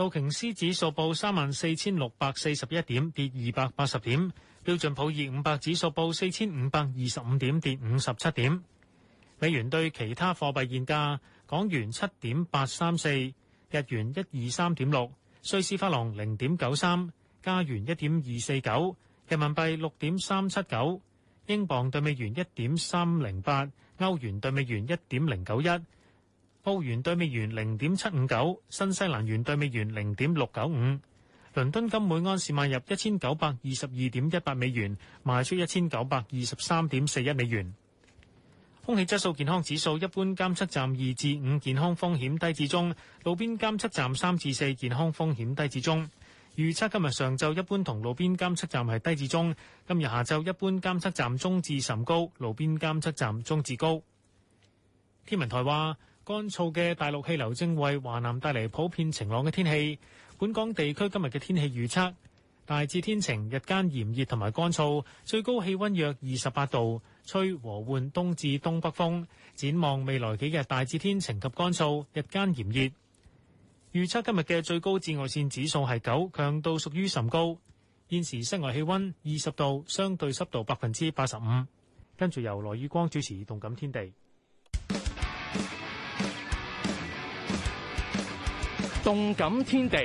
道瓊斯指數報三萬四千六百四十一點，跌二百八十點。標準普爾五百指數報四千五百二十五點，跌五十七點。美元對其他貨幣現價：港元七點八三四，日元一二三點六，瑞士法郎零點九三，加元一點二四九，人民幣六點三七九，英鎊對美元一點三零八，歐元對美元一點零九一。澳元對美元零點七五九，新西蘭元對美元零點六九五。倫敦金每安士賣入一千九百二十二點一八美元，賣出一千九百二十三點四一美元。空氣質素健康指數，一般監測站二至五，健康風險低至中；路邊監測站三至四，健康風險低至中。預測今日上晝一般同路邊監測站係低至中，今日下晝一般監測站中至甚高，路邊監測站中至高。天文台話。乾燥嘅大陸氣流正為華南帶嚟普遍晴朗嘅天氣。本港地區今日嘅天氣預測大致天晴，日間炎熱同埋乾燥，最高氣溫約二十八度，吹和緩東至東北風。展望未來幾日，大致天晴及乾燥，日間炎熱。預測今日嘅最高紫外線指數係九，強度屬於甚高。現時室外氣溫二十度，相對濕度百分之八十五。跟住由羅宇光主持《動感天地》。動感天地，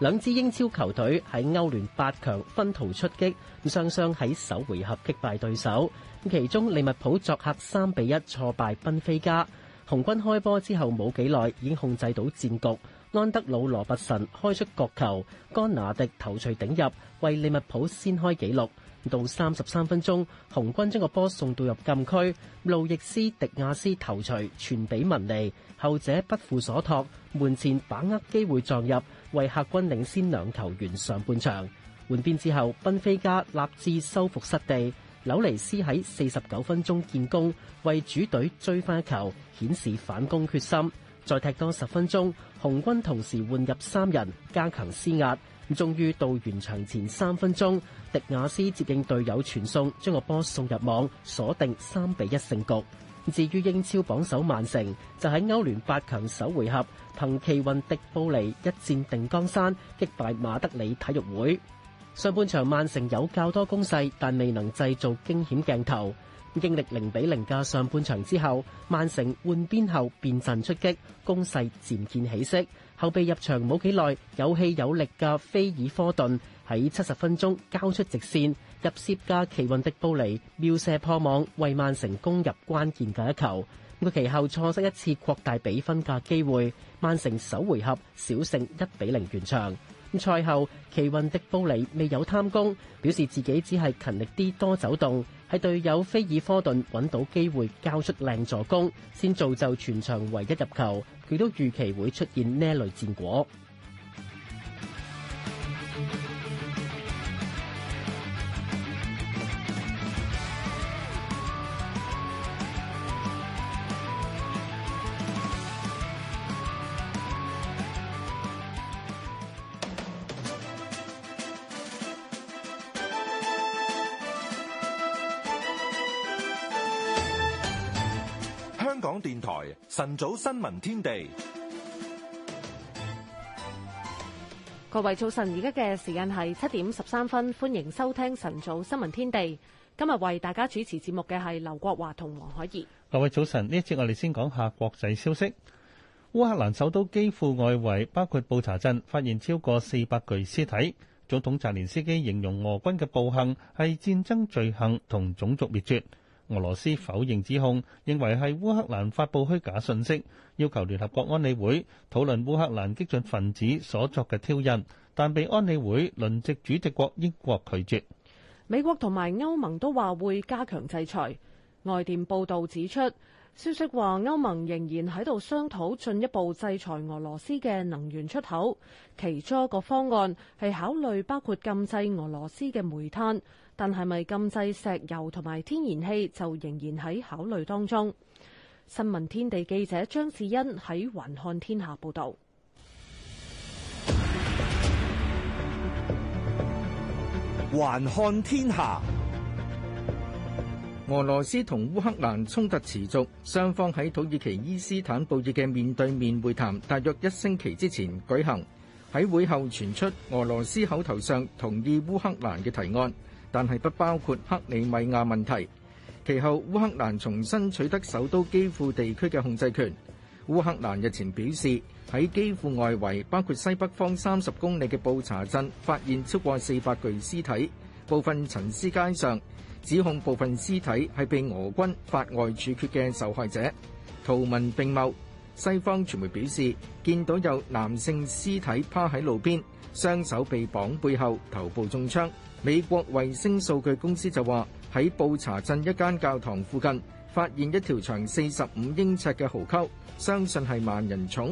兩支英超球隊喺歐聯八強分途出擊，咁雙雙喺首回合擊敗對手。其中利物浦作客三比一挫敗賓菲加，紅軍開波之後冇幾耐已經控制到戰局。安德魯羅伯遜開出角球，甘拿迪頭槌頂入，為利物浦先開紀錄。到三十三分鐘，紅軍將個波送到入禁區，路易斯迪亞斯頭槌傳俾文尼，後者不負所託，門前把握機會撞入，為客軍領先兩球完上半場。換邊之後，賓菲加立志收復失地，紐尼斯喺四十九分鐘建功，為主隊追翻一球，顯示反攻決心。再踢多十分鐘，紅軍同時換入三人，加強施壓。終於到完場前三分鐘，迪亞斯接應隊友傳送，將個波送入網，鎖定三比一勝局。至於英超榜首曼城，就喺歐聯八強首回合憑奇雲迪布尼一戰定江山，擊敗馬德里體育會。上半場曼城有較多攻勢，但未能製造驚險鏡頭。經歷零比零嘅上半場之後，曼城換邊後變陣出擊，攻勢漸見起色。後備入場冇幾耐，有氣有力嘅菲爾科頓喺七十分鐘交出直線，入楔加奇雲迪布尼妙射破網，為曼城攻入關鍵嘅一球。佢其後錯失一次擴大比分嘅機會，曼城首回合小勝一比零完場。咁賽後奇雲迪布尼未有貪功，表示自己只係勤力啲多走動。係隊友菲爾科頓揾到機會交出靚助攻，先造就全場唯一入球。佢都預期會出現呢類戰果。晨早新聞天地，各位早晨！而家嘅時間係七點十三分，歡迎收聽晨早新聞天地。今日為大家主持節目嘅係劉國華同黃海怡。各位早晨！呢一節我哋先講下國際消息。烏克蘭首都基輔外圍包括布查鎮，發現超過四百具屍體。總統澤連斯基形容俄軍嘅暴行係戰爭罪行同種族滅絕。俄羅斯否認指控，認為係烏克蘭發佈虛假信息，要求聯合國安理會討論烏克蘭激進分子所作嘅挑釁，但被安理會輪值主席國英國拒絕。美國同埋歐盟都話會加強制裁。外電報道指出，消息話歐盟仍然喺度商討進一步制裁俄羅斯嘅能源出口，其中一個方案係考慮包括禁制俄羅斯嘅煤炭。但係咪禁制石油同埋天然氣就仍然喺考慮當中？新聞天地記者張志欣喺《環看天下》報導，《環看天下》。俄羅斯同烏克蘭衝突持續，雙方喺土耳其伊斯坦布爾嘅面對面會談，大約一星期之前舉行。喺會後傳出，俄羅斯口頭上同意烏克蘭嘅提案。但係不包括克里米亞問題。其後烏克蘭重新取得首都基輔地區嘅控制權。烏克蘭日前表示，喺基輔外圍，包括西北方三十公里嘅布查鎮，發現超過四百具屍體，部分陳屍街上，指控部分屍體係被俄軍法外處決嘅受害者。圖文並茂，西方傳媒表示見到有男性屍體趴喺路邊。雙手被綁，背後頭部中槍。美國衛星數據公司就話喺布查鎮一間教堂附近發現一條長四十五英尺嘅壕溝，相信係萬人冢。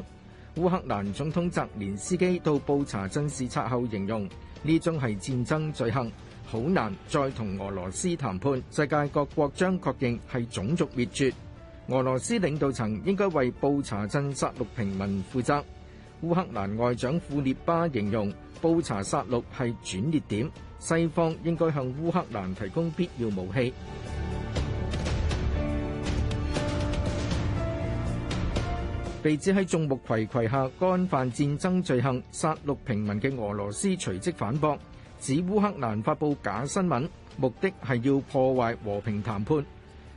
烏克蘭總統澤連斯基到布查鎮視察後形容呢種係戰爭罪行，好難再同俄羅斯談判。世界各國將確認係種族滅絕。俄羅斯領導層應該為布查鎮殺戮平民負責。烏克蘭外長庫列巴形容布查殺戮係轉捩點，西方應該向烏克蘭提供必要武器。 被指喺眾目睽睽下幹犯戰爭罪行，殺戮平民嘅俄羅斯隨即反駁，指烏克蘭發佈假新聞，目的係要破壞和平談判。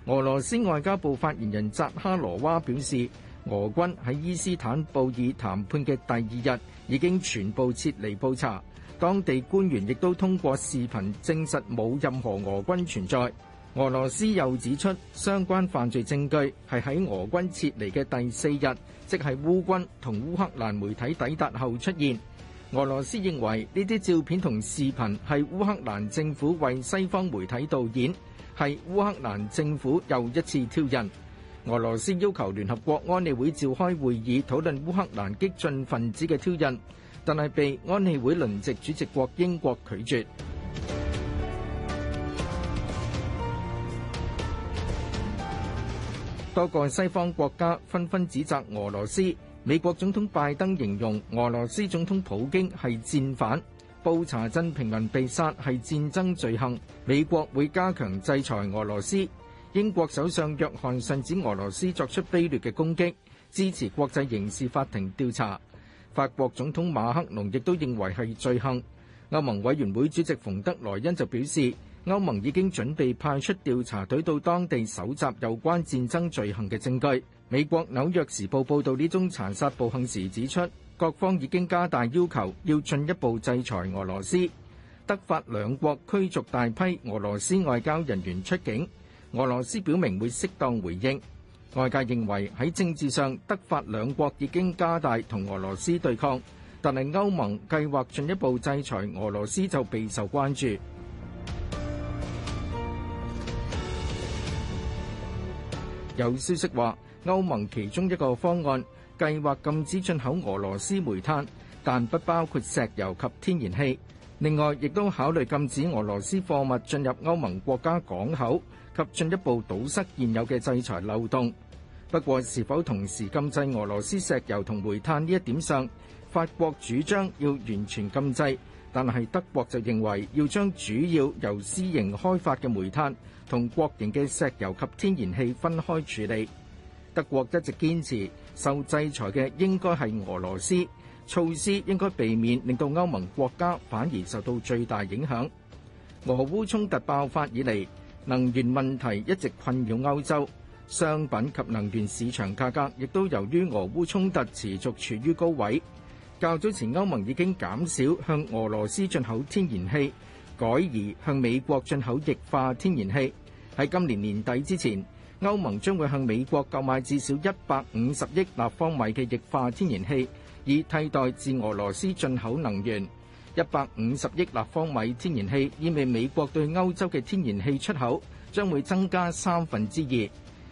俄羅斯外交部發言人扎哈羅娃表示。俄軍喺伊斯坦布爾談判嘅第二日已經全部撤離布查，當地官員亦都通過視頻證實冇任何俄軍存在。俄羅斯又指出，相關犯罪證據係喺俄軍撤離嘅第四日，即係烏軍同烏克蘭媒體抵達後出現。俄羅斯認為呢啲照片同視頻係烏克蘭政府為西方媒體導演，係烏克蘭政府又一次挑釁。俄羅斯要求聯合國安理會召開會議討論烏克蘭激進分子嘅挑釁，但係被安理會輪值主席國英國拒絕。多個西方國家紛紛指責俄羅斯。美國總統拜登形容俄羅斯總統普京係戰犯，布查鎮平民被殺係戰爭罪行。美國會加強制裁俄羅斯。英國首相約翰遜指俄羅斯作出卑劣嘅攻擊，支持國際刑事法庭調查。法國總統馬克龍亦都認為係罪行。歐盟委員會主席馮德萊恩就表示，歐盟已經準備派出調查隊到當地搜集有關戰爭罪行嘅證據。美國《紐約時報》報道呢宗殘殺暴行時指出，各方已經加大要求要進一步制裁俄羅斯。德法兩國驅逐大批俄羅斯外交人員出境。俄羅斯表明會適當回應，外界認為喺政治上德法兩國已經加大同俄羅斯對抗，但係歐盟計劃進一步制裁俄羅斯就備受關注。有消息話，歐盟其中一個方案計劃禁止進口俄羅斯煤炭，但不包括石油及天然氣。另外，亦都考慮禁止俄羅斯貨物進入歐盟國家港口，及進一步堵塞現有嘅制裁漏洞。不過，是否同時禁制俄羅斯石油同煤炭呢一點上，法國主張要完全禁制，但係德國就認為要將主要由私營開發嘅煤炭同國營嘅石油及天然氣分開處理。德國一直堅持受制裁嘅應該係俄羅斯。措施應該避免令到歐盟國家反而受到最大影響。俄烏衝突爆發以嚟，能源問題一直困擾歐洲，商品及能源市場價格亦都由於俄烏衝突持續處於高位。較早前，歐盟已經減少向俄羅斯進口天然氣，改而向美國進口液化天然氣。喺今年年底之前，歐盟將會向美國購買至少一百五十億立方米嘅液化天然氣。以替代自俄羅斯進口能源一百五十億立方米天然氣，意味美國對歐洲嘅天然氣出口將會增加三分之二。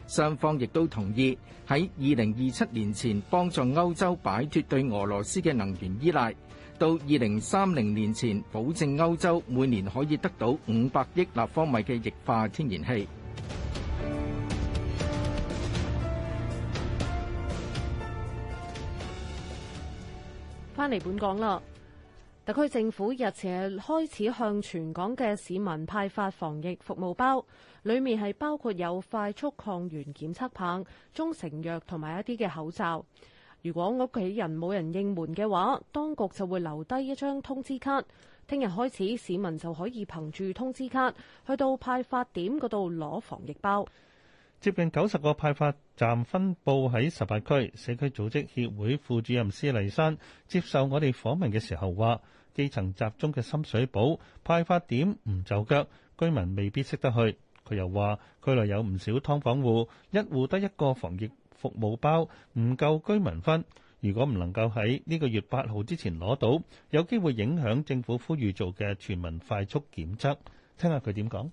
雙方亦都同意喺二零二七年前幫助歐洲擺脫對俄羅斯嘅能源依賴，到二零三零年前保證歐洲每年可以得到五百億立方米嘅液化天然氣。翻嚟本港啦！特區政府日前開始向全港嘅市民派發防疫服務包，裏面係包括有快速抗原檢測棒、中成藥同埋一啲嘅口罩。如果屋企人冇人應門嘅話，當局就會留低一張通知卡。聽日開始，市民就可以憑住通知卡去到派發點嗰度攞防疫包。接近九十個派發。站分布喺十八區，社區組織協會副主任施麗珊接受我哋訪問嘅時候話，基層集中嘅深水埗派發點唔就腳，居民未必識得去。佢又話，區內有唔少劏房戶，一戶得一個防疫服務包，唔夠居民分。如果唔能夠喺呢個月八號之前攞到，有機會影響政府呼籲做嘅全民快速檢測。聽下佢點講。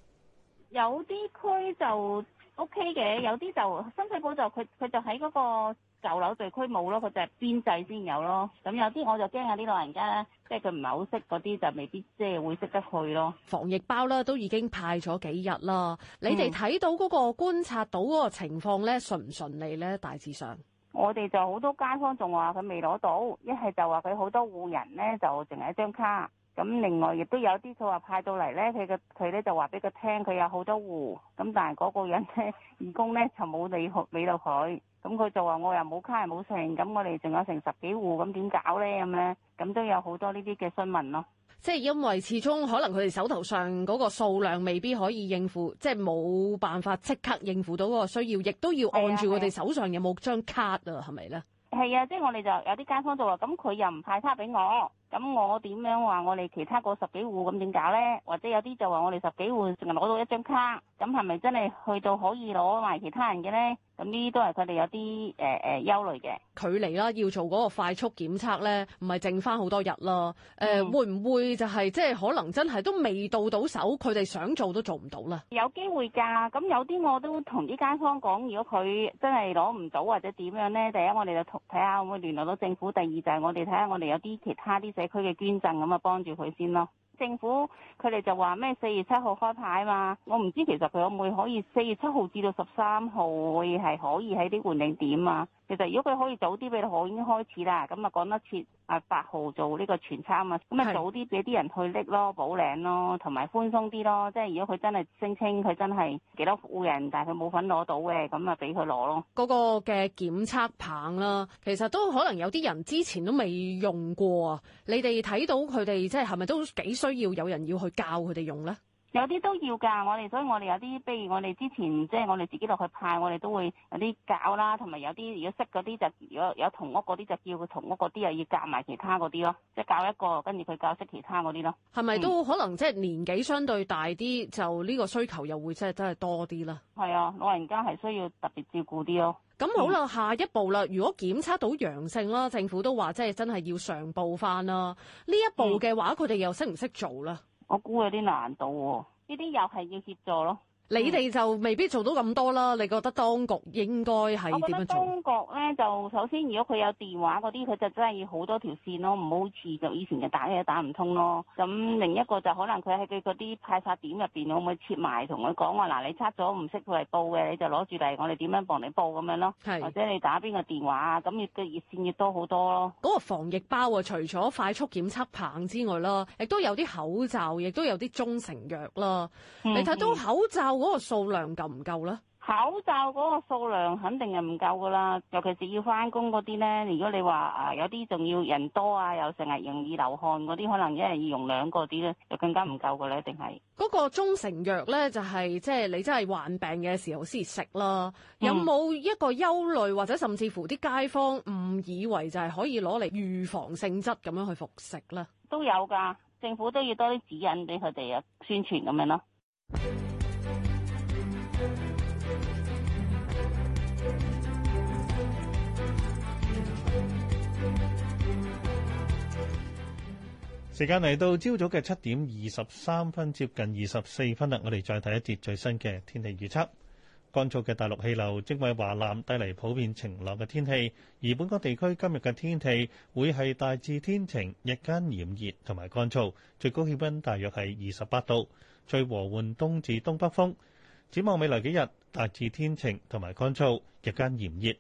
有啲區就。O K 嘅，有啲就深水埗就佢佢就喺嗰個舊樓地區冇咯，佢就係邊際先有咯。咁有啲我就驚下啲老人家咧，即係佢唔係好識嗰啲，就未必即係會識得去咯。防疫包啦，都已經派咗幾日啦。你哋睇到嗰、那個、嗯、觀察到嗰個情況咧，順唔順利咧？大致上，我哋就好多街坊仲話佢未攞到，一係就話佢好多戶人咧就淨係一張卡。咁另外亦都有啲佢話派到嚟咧，佢個佢咧就話俾佢聽，佢有好多戶，咁但係嗰個人咧義工咧就冇理學俾到佢，咁佢就話我又冇卡又冇剩，咁我哋仲有成十幾戶，咁點搞咧咁咧？咁都有好多呢啲嘅詢問咯，即係因為始終可能佢哋手頭上嗰個數量未必可以應付，即係冇辦法即刻應付到嗰個需要，亦都要按住我哋手上有冇張卡啊，係咪咧？係啊，即係我哋就有啲街坊就話，咁佢又唔派卡俾我。咁我點樣話我哋其他嗰十幾戶咁點搞咧？或者有啲就話我哋十幾戶淨係攞到一張卡，咁係咪真係去到可以攞埋其他人嘅咧？咁呢啲都係佢哋有啲誒誒憂慮嘅。距離啦，要做嗰個快速檢測咧，唔係剩翻好多日咯。誒，會唔會就係即係可能真係都未到到手，佢哋想做都做唔到啦？有機會㗎，咁有啲我都同啲街坊講，如果佢真係攞唔到或者點樣咧，第一我哋就睇下會唔會聯絡到政府，第二就係我哋睇下我哋有啲其他啲社社區嘅捐贈咁啊，幫住佢先咯。政府佢哋就話咩？四月七號開牌啊嘛，我唔知其實佢可唔可以四月七號至到十三號會係可以喺啲換領點啊。其實如果佢可以早啲，俾你已經開始啦。咁啊，講得切。啊，八號做呢個全餐啊，咁咪早啲俾啲人去拎咯，保領咯，同埋寬鬆啲咯，即係如果佢真係聲稱佢真係幾多戶人，但係佢冇份攞到嘅，咁啊俾佢攞咯。嗰個嘅檢測棒啦，其實都可能有啲人之前都未用過啊。你哋睇到佢哋即係係咪都幾需要有人要去教佢哋用咧？有啲都要㗎，我哋所以我哋有啲，比如我哋之前即係我哋自己落去派，我哋都會有啲教啦，同埋有啲如果識嗰啲就，有有同屋嗰啲就叫佢同屋嗰啲又要教埋其他嗰啲咯，即係教一個，跟住佢教識其他嗰啲咯。係咪都可能即係、嗯、年紀相對大啲，就呢個需求又會即係真係多啲啦？係啊，老人家係需要特別照顧啲咯。咁好啦，嗯、下一步啦，如果檢測到陽性啦，政府都話即係真係要上報返啦。呢一步嘅話，佢、嗯、哋又識唔識做啦？我估有啲難度，呢啲又係要協助咯。嗯、你哋就未必做到咁多啦，你覺得當局應該係點樣做？我覺得當局咧就首先，如果佢有電話嗰啲，佢就真係要好多條線咯，唔好似就以前嘅打嘢打唔通咯。咁另一個就可能佢喺佢嗰啲派發點入邊，可唔可以設埋同佢講話嗱，你測咗唔識佢嚟報嘅，你就攞住嚟我哋點樣幫你報咁樣咯。係。或者你打邊個電話啊？咁越嘅熱線越多好多咯。嗰個防疫包啊，除咗快速檢測棒之外啦，亦都有啲口罩，亦都有啲中成藥啦、嗯。你睇到口罩。嗰、那個數量夠唔夠咧？口罩嗰個數量肯定係唔夠噶啦，尤其是要返工嗰啲呢。如果你話啊，有啲仲要人多啊，又成日容易流汗嗰啲，可能一日要用兩個啲呢，就更加唔夠噶啦。定係嗰個中成藥呢，就係、是、即係你真係患病嘅時候先食啦。有冇一個憂慮，或者甚至乎啲街坊誤以為就係可以攞嚟預防性質咁樣去服食咧？都有噶，政府都要多啲指引俾佢哋啊，宣傳咁樣咯。時間嚟到朝早嘅七點二十三分，接近二十四分啦。我哋再睇一節最新嘅天氣預測。乾燥嘅大陸氣流正為華南帶嚟普遍晴朗嘅天氣，而本港地區今日嘅天氣會係大致天晴，日間炎熱同埋乾燥，最高氣溫大約係二十八度，最和緩東至東北風。展望未來幾日，大致天晴同埋乾燥，日間炎熱。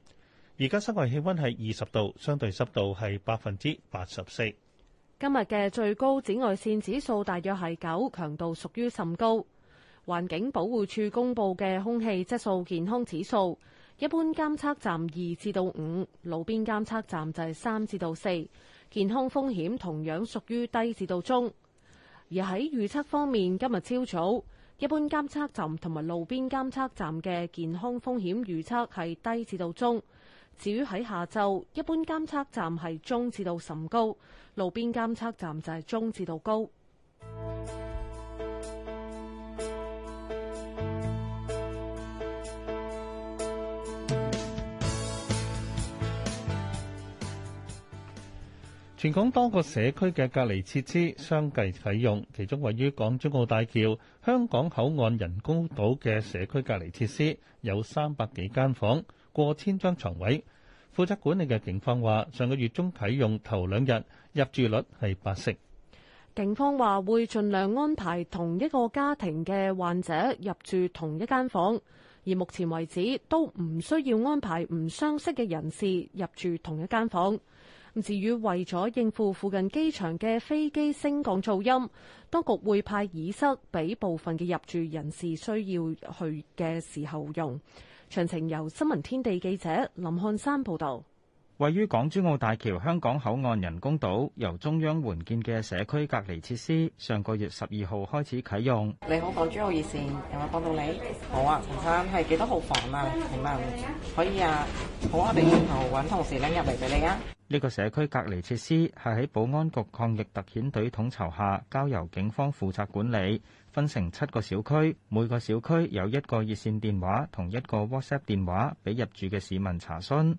而家室外氣溫係二十度，相對濕度係百分之八十四。今日嘅最高紫外線指數大約係九，強度屬於甚高。環境保護署公布嘅空氣質素健康指數，一般監測站二至到五，路邊監測站就係三至到四，健康風險同樣屬於低至到中。而喺預測方面，今日朝早，一般監測站同埋路邊監測站嘅健康風險預測係低至到中。至於喺下晝，一般監測站係中至到甚高，路邊監測站就係中至到高。全港多個社區嘅隔離設施相繼啟用，其中位於港珠澳大橋香港口岸人工島嘅社區隔離設施有三百幾間房。過千張床位，負責管理嘅警方話：上個月中啟用頭兩日入住率係八成。警方話會盡量安排同一個家庭嘅患者入住同一間房，而目前為止都唔需要安排唔相識嘅人士入住同一間房。咁至於為咗應付附近機場嘅飛機升降噪音，當局會派耳塞俾部分嘅入住人士需要去嘅時候用。詳情由新聞天地記者林漢山報道。位於港珠澳大橋香港口岸人工島，由中央援建嘅社區隔離設施，上個月十二號開始啟用。你好，港珠澳熱線有冇幫到你？好啊，陳生係幾多號房啊？請、嗯、問可以啊，好啊，我哋轉頭揾同事拎入嚟俾你啊。呢、這個社區隔離設施係喺保安局抗疫特遣隊統籌下，交由警方負責管理。分成七個小區，每個小區有一個熱線電話同一個 WhatsApp 電話俾入住嘅市民查詢。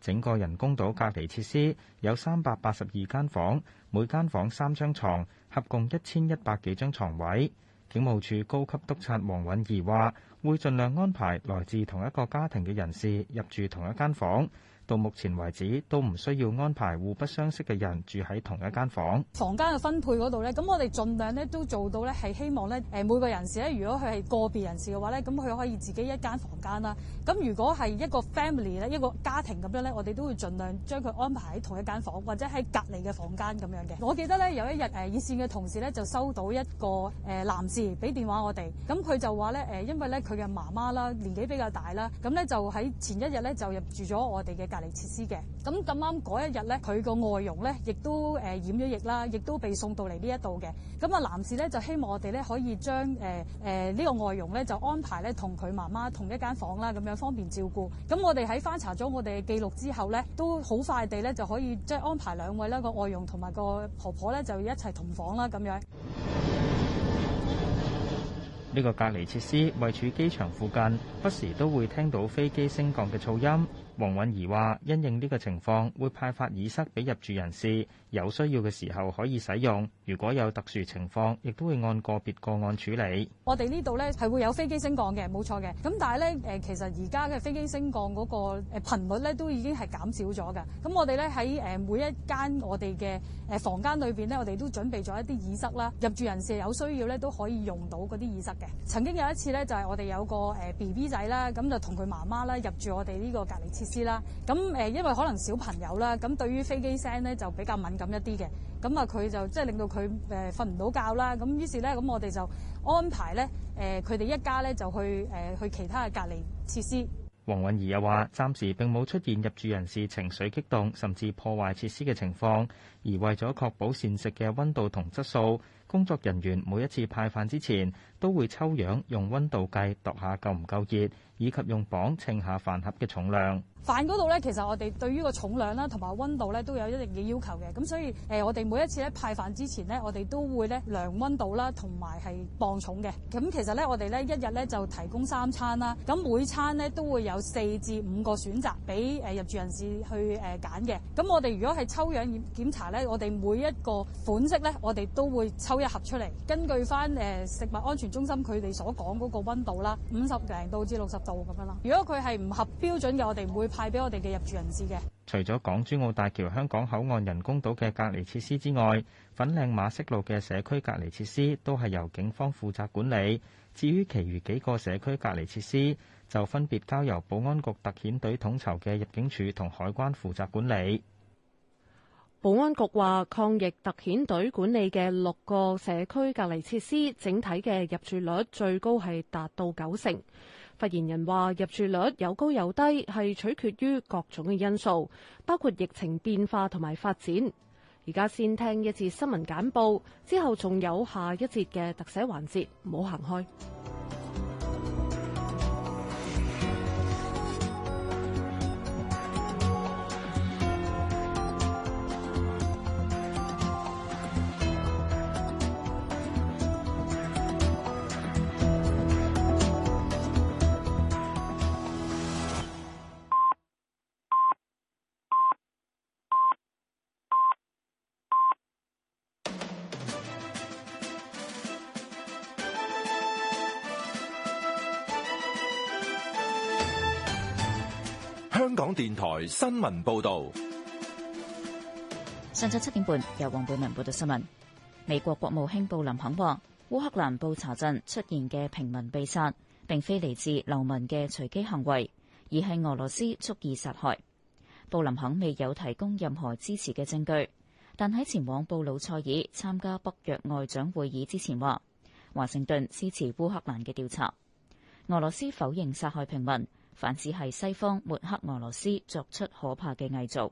整個人工島隔離設施有三百八十二間房，每間房三張床，合共一千一百幾張床位。警務處高級督察黃允儀話會盡量安排來自同一個家庭嘅人士入住同一間房。到目前為止都唔需要安排互不相識嘅人住喺同一間房。房間嘅分配嗰度咧，咁我哋盡量咧都做到咧，係希望咧，誒每個人士咧，如果佢係個別人士嘅話咧，咁佢可以自己一間房間啦。咁如果係一個 family 咧，一個家庭咁樣咧，我哋都會盡量將佢安排喺同一間房，或者喺隔離嘅房間咁樣嘅。我記得咧有一日誒熱線嘅同事咧就收到一個誒男士俾電話我哋，咁佢就話咧誒，因為咧佢嘅媽媽啦年紀比較大啦，咁咧就喺前一日咧就入住咗我哋嘅隔離設施嘅咁。咁啱嗰一日咧，佢個外傭咧亦都誒染咗疫啦，亦都被送到嚟呢一度嘅咁啊。男士咧就希望我哋咧可以將誒誒呢個外傭咧就安排咧同佢媽媽同一間房啦，咁樣方便照顧。咁我哋喺翻查咗我哋記錄之後咧，都好快地咧就可以即係安排兩位咧個外佣同埋個婆婆咧就一齊同房啦，咁樣呢個隔離設施位處機場附近，不時都會聽到飛機升降嘅噪音。黃允儀話，因應呢個情況，會派發耳塞俾入住人士，有需要嘅時候可以使用。如果有特殊情況，亦都會按個別個案處理。我哋呢度咧係會有飛機升降嘅，冇錯嘅。咁但係咧，誒，其實而家嘅飛機升降嗰個誒頻率咧都已經係減少咗噶。咁我哋咧喺誒每一間我哋嘅誒房間裏邊咧，我哋都準備咗一啲耳塞啦。入住人士有需要咧都可以用到嗰啲耳塞嘅。曾經有一次咧，就係我哋有個誒 B B 仔啦，咁就同佢媽媽啦入住我哋呢個隔離。知啦，咁誒，因為可能小朋友啦，咁對於飛機聲呢就比較敏感一啲嘅，咁啊，佢就即係令到佢誒瞓唔到覺啦。咁於是呢，咁我哋就安排呢，誒，佢哋一家呢就去誒去其他嘅隔離設施。黃允儀又話：暫時並冇出現入住人士情緒激動，甚至破壞設施嘅情況。而為咗確保膳食嘅温度同質素，工作人員每一次派飯之前都會抽樣用温度計度下夠唔夠熱，以及用磅稱下飯盒嘅重量。飯嗰度咧，其實我哋對於個重量啦，同埋温度咧，都有一定嘅要求嘅。咁所以誒，我哋每一次咧派飯之前咧，我哋都會咧量温度啦，同埋係磅重嘅。咁其實咧，我哋咧一日咧就提供三餐啦。咁每餐咧都會有四至五個選擇俾誒入住人士去誒揀嘅。咁我哋如果係抽樣檢查咧，我哋每一個款式咧，我哋都會抽一盒出嚟，根據翻誒食物安全中心佢哋所講嗰個温度啦，五十零度至六十度咁樣啦。如果佢係唔合標準嘅，我哋唔會派俾我哋嘅入住人士嘅。除咗港珠澳大橋香港口岸人工島嘅隔離設施之外，粉嶺馬適路嘅社區隔離設施都係由警方負責管理。至於其餘幾個社區隔離設施，就分別交由保安局特遣隊統籌嘅入境處同海關負責管理。保安局話，抗疫特遣隊管理嘅六個社區隔離設施，整體嘅入住率最高係達到九成。發言人話，入住率有高有低，係取決於各種嘅因素，包括疫情變化同埋發展。而家先聽一次新聞簡報，之後仲有下一節嘅特寫環節，唔好行開。新聞報道。上晝七點半，由黃貝文報道新聞。美國國務卿布林肯話，烏克蘭布查鎮出現嘅平民被殺，並非嚟自流民嘅隨機行為，而係俄羅斯蓄意殺害。布林肯未有提供任何支持嘅證據，但喺前往布魯塞爾參加北約外長會議之前，話華盛頓支持烏克蘭嘅調查。俄羅斯否認殺害平民。反指係西方抹黑俄羅斯，作出可怕嘅偽造。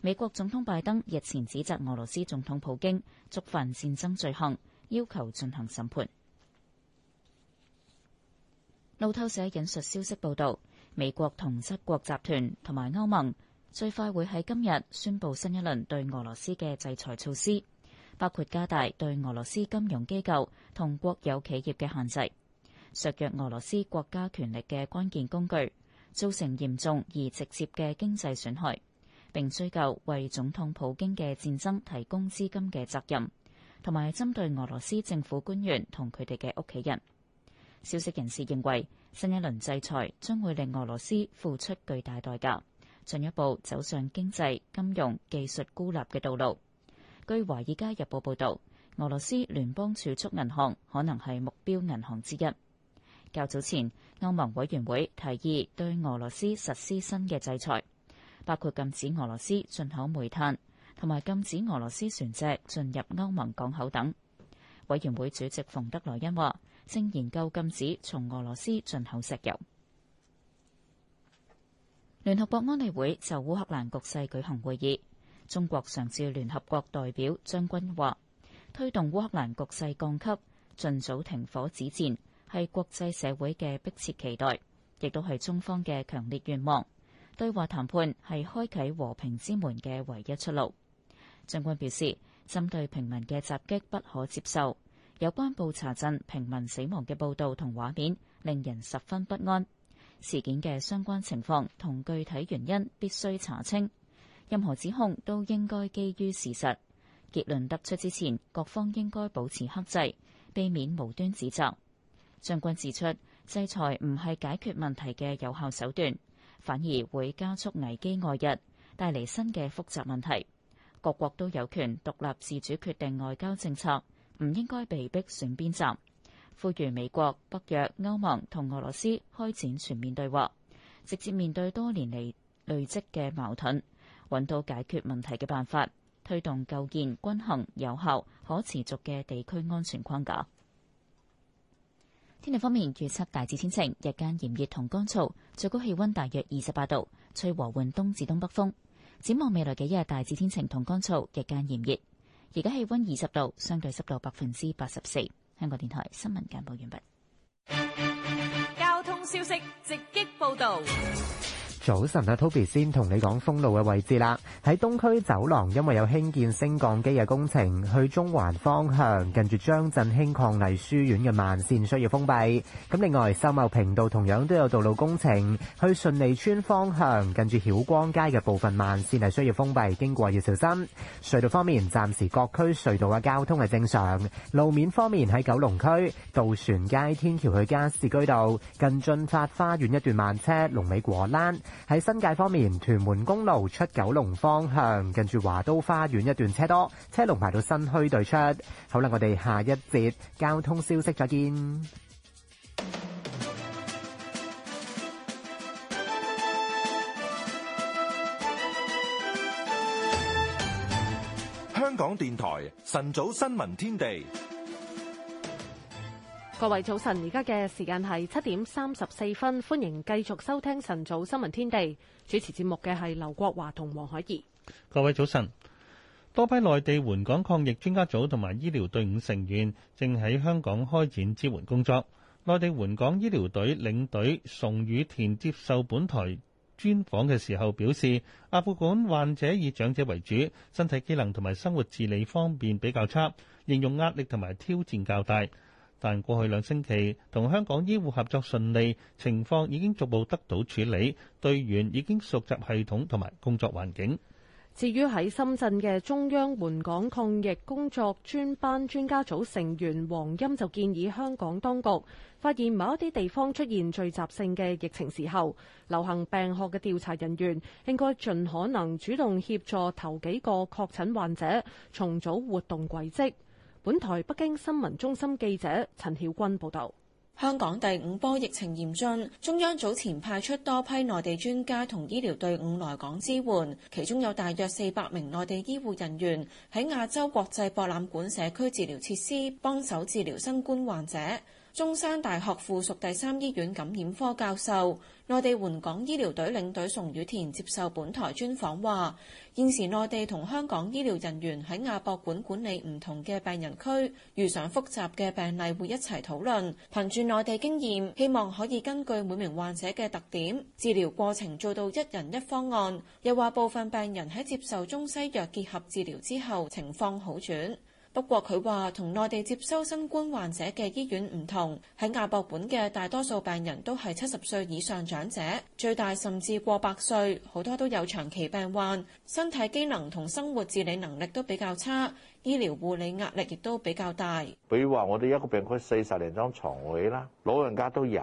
美國總統拜登日前指責俄羅斯總統普京觸犯戰爭罪行，要求進行審判。路透社引述消息報道，美國同七國集團同埋歐盟最快會喺今日宣布新一輪對俄羅斯嘅制裁措施，包括加大對俄羅斯金融機構同國有企業嘅限制。削弱俄羅斯國家權力嘅關鍵工具，造成嚴重而直接嘅經濟損害，並追究為總統普京嘅戰爭提供資金嘅責任，同埋針對俄羅斯政府官員同佢哋嘅屋企人。消息人士認為，新一輪制裁將會令俄羅斯付出巨大代價，進一步走上經濟、金融、技術孤立嘅道路。據《華爾街日報》報道，俄羅斯聯邦儲蓄銀行可能係目標銀行之一。較早前，歐盟委員會提議對俄羅斯實施新嘅制裁，包括禁止俄羅斯進口煤炭，同埋禁止俄羅斯船隻進入歐盟港口等。委員會主席馮德萊恩話，正研究禁止從俄羅斯進口石油。聯合國安理會就烏克蘭局勢舉行會議，中國常駐聯合國代表張軍話，推動烏克蘭局勢降級，盡早停火止戰。係國際社會嘅迫切期待，亦都係中方嘅強烈願望。對話談判係開啓和平之門嘅唯一出路。張軍表示，針對平民嘅襲擊不可接受，有關布查鎮平民死亡嘅報道同畫面令人十分不安。事件嘅相關情況同具體原因必須查清，任何指控都應該基於事實。結論得出之前，各方應該保持克制，避免無端指責。張軍指出，制裁唔係解決問題嘅有效手段，反而會加速危機外溢，帶嚟新嘅複雜問題。各國都有權獨立自主決定外交政策，唔應該被逼選邊站。呼籲美國、北約、歐盟同俄羅斯開展全面對話，直接面對多年嚟累積嘅矛盾，揾到解決問題嘅辦法，推動構建均衡、有效、可持續嘅地區安全框架。天氣方面，預測大致天晴，日間炎熱同乾燥，最高氣溫大約二十八度，吹和緩東至東北風。展望未來幾日，大致天晴同乾燥，日間炎熱。而家氣溫二十度，相對濕度百分之八十四。香港電台新聞簡報完畢。交通消息直擊報道。早晨啊，Toby 先同你講封路嘅位置啦。喺東區走廊，因為有興建升降機嘅工程，去中環方向近住張振興伉儷書院嘅慢線需要封閉。咁另外，秀茂坪道同樣都有道路工程，去順利村方向近住曉光街嘅部分慢線係需要封閉，經過要小心。隧道方面，暫時各區隧道嘅交通係正常。路面方面，喺九龍區渡船街天橋去加士居道近駿發花園一段慢車龍尾果欄。喺新界方面，屯門公路出九龍方向，近住華都花園一段車多，車龍排到新墟對出。好啦，我哋下一節交通消息再見。香港電台晨早新聞天地。各位早晨，而家嘅時間係七點三十四分，歡迎繼續收聽晨早新聞天地。主持節目嘅係劉國華同黃海怡。各位早晨，多批內地援港抗疫專家組同埋醫療隊伍成員正喺香港開展支援工作。內地援港醫療隊領隊宋宇田接受本台專訪嘅時候表示，亞博館患者以長者為主，身體機能同埋生活自理方面比較差，應用壓力同埋挑戰較大。但過去兩星期同香港醫護合作順利，情況已經逐步得到處理，隊員已經熟習系統同埋工作環境。至於喺深圳嘅中央援港抗疫工作專班專家組成員黃鑫就建議香港當局，發現某一啲地方出現聚集性嘅疫情時候，流行病學嘅調查人員應該盡可能主動協助頭幾個確診患者重組活動軌跡。本台北京新聞中心記者陳曉君報道：香港第五波疫情嚴峻，中央早前派出多批內地專家同醫療隊伍來港支援，其中有大約四百名內地醫護人員喺亞洲國際博覽館社區治療設施幫手治療新冠患者。中山大學附屬第三醫院感染科教授、內地援港醫療隊領隊崇雨田接受本台專訪話：現時內地同香港醫療人員喺亞博館管，管理唔同嘅病人區，遇上複雜嘅病例會一齊討論。憑住內地經驗，希望可以根據每名患者嘅特點，治療過程做到一人一方案。又話部分病人喺接受中西藥結合治療之後，情況好轉。不過佢話，同內地接收新冠患者嘅醫院唔同，喺亞博館嘅大多數病人都係七十歲以上長者，最大甚至過百歲，好多都有長期病患，身體機能同生活自理能力都比較差，醫療護理壓力亦都比較大。比如話，我哋一個病區四十零張床位啦，老人家都有，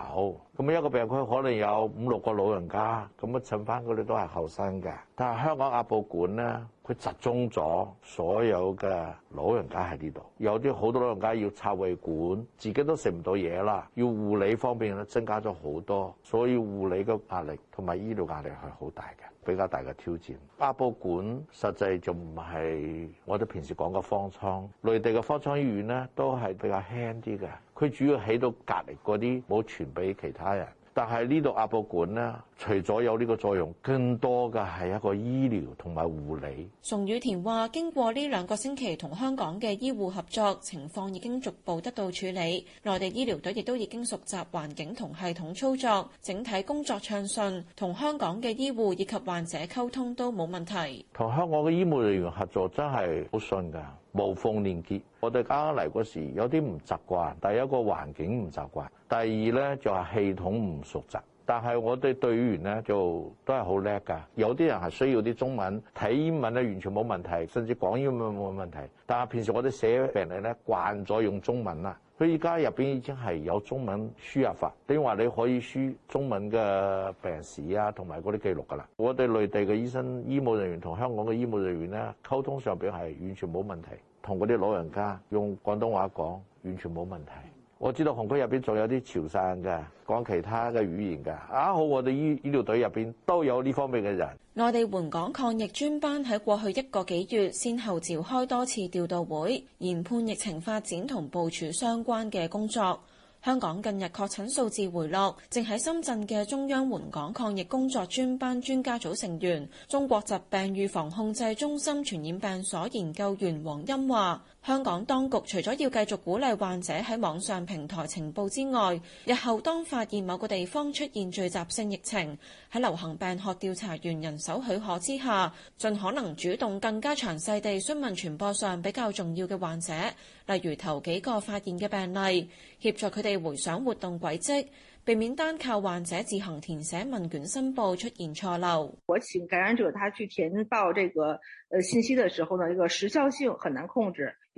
咁一個病區可能有五六個老人家，咁啊襯翻佢哋都係後生嘅，但係香港亞博館咧。佢集中咗所有嘅老人家喺呢度，有啲好多老人家要插胃管，自己都食唔到嘢啦，要護理方面咧增加咗好多，所以護理嘅壓力同埋醫療壓力係好大嘅，比較大嘅挑戰，巴布管實際就唔係我哋平時講嘅方艙，內地嘅方艙醫院咧都係比較輕啲嘅，佢主要起到隔離嗰啲，冇傳俾其他人。但係呢度亞博館咧，除咗有呢個作用，更多嘅係一個醫療同埋護理。宋宇田話：經過呢兩個星期同香港嘅醫護合作，情況已經逐步得到處理。內地醫療隊亦都已經熟習環境同系統操作，整體工作暢順，同香港嘅醫護以及患者溝通都冇問題。同香港嘅醫務人員合作真係好順㗎。無縫連結。我哋啱啱嚟嗰時有啲唔習慣，第一個環境唔習慣，第二呢就係系統唔熟習。但係我哋隊員呢，就都係好叻㗎，有啲人係需要啲中文睇英文呢，完全冇問題，甚至講英文冇問題。但係平時我哋寫病歷呢，慣咗用中文啦，佢而家入面已經係有中文輸入法，即係話你可以輸中文嘅病史啊，同埋嗰啲記錄㗎啦。我哋內地嘅醫生醫務人員同香港嘅醫務人員呢，溝通上邊係完全冇問題，同嗰啲老人家用廣東話講完全冇問題。我知道紅區入邊仲有啲潮汕噶，講其他嘅語言噶。啊好，我哋醫醫療隊入邊都有呢方面嘅人。內地援港抗疫專班喺過去一個幾月，先後召開多次調度會，研判疫情發展同部署相關嘅工作。香港近日確診數字回落，正喺深圳嘅中央援港抗疫工作專班專家組成員，中國疾病預防控制中心傳染病所研究員黃欽話。香港當局除咗要繼續鼓勵患者喺網上平台呈報之外，日後當發現某個地方出現聚集性疫情，喺流行病學調查員人手許可之下，盡可能主動更加詳細地詢問傳播上比較重要嘅患者，例如頭幾個發現嘅病例，協助佢哋回想活動軌跡，避免單靠患者自行填寫問卷申報出現錯漏。我請感染者他去填報這個呃信息的時候呢，一、這個時效性很難控制。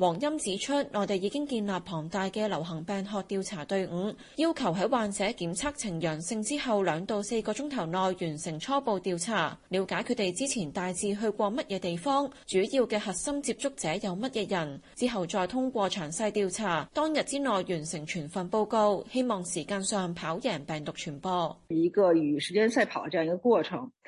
黃欽指出，內地已經建立龐大嘅流行病學調查隊伍，要求喺患者檢測呈陽性之後兩到四個鐘頭內完成初步調查，了解佢哋之前大致去過乜嘢地方，主要嘅核心接觸者有乜嘢人，之後再通過詳細調查，當日之內完成全份報告，希望時間上跑贏病毒傳播，一個與時間賽跑嘅這樣一個過程。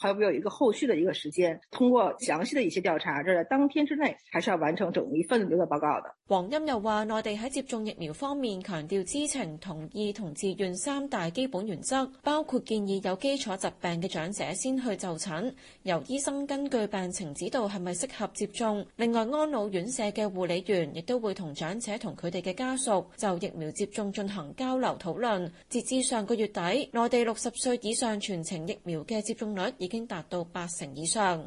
還有沒有一個後續的一個時間？通過詳細的一些調查，這在當天之內，還是要完成整一份的報告的。黃欽又話，內地喺接種疫苗方面強調知情、同意同自願三大基本原則，包括建議有基礎疾病嘅長者先去就診，由醫生根據病情指導係咪適合接種。另外，安老院舍嘅護理員亦都會同長者同佢哋嘅家屬就疫苗接種進行交流討論。截至上個月底，內地六十歲以上全程疫苗嘅接種率已經達到八成以上。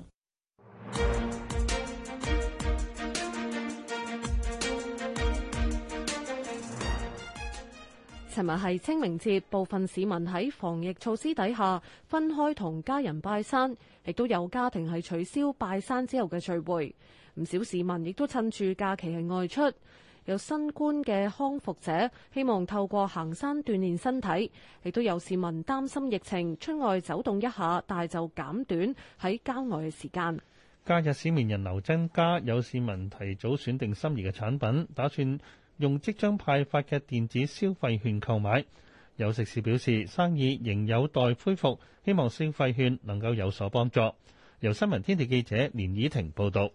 尋日係清明節，部分市民喺防疫措施底下分開同家人拜山，亦都有家庭係取消拜山之後嘅聚會。唔少市民亦都趁住假期係外出。有新冠嘅康復者希望透過行山鍛煉身體，亦都有市民擔心疫情，出外走動一下，但係就減短喺郊外嘅時間。假日市面人流增加，有市民提早選定心儀嘅產品，打算用即將派發嘅電子消費券購買。有食肆表示生意仍有待恢復，希望消費券能夠有所幫助。由新聞天地記者連倚婷報道。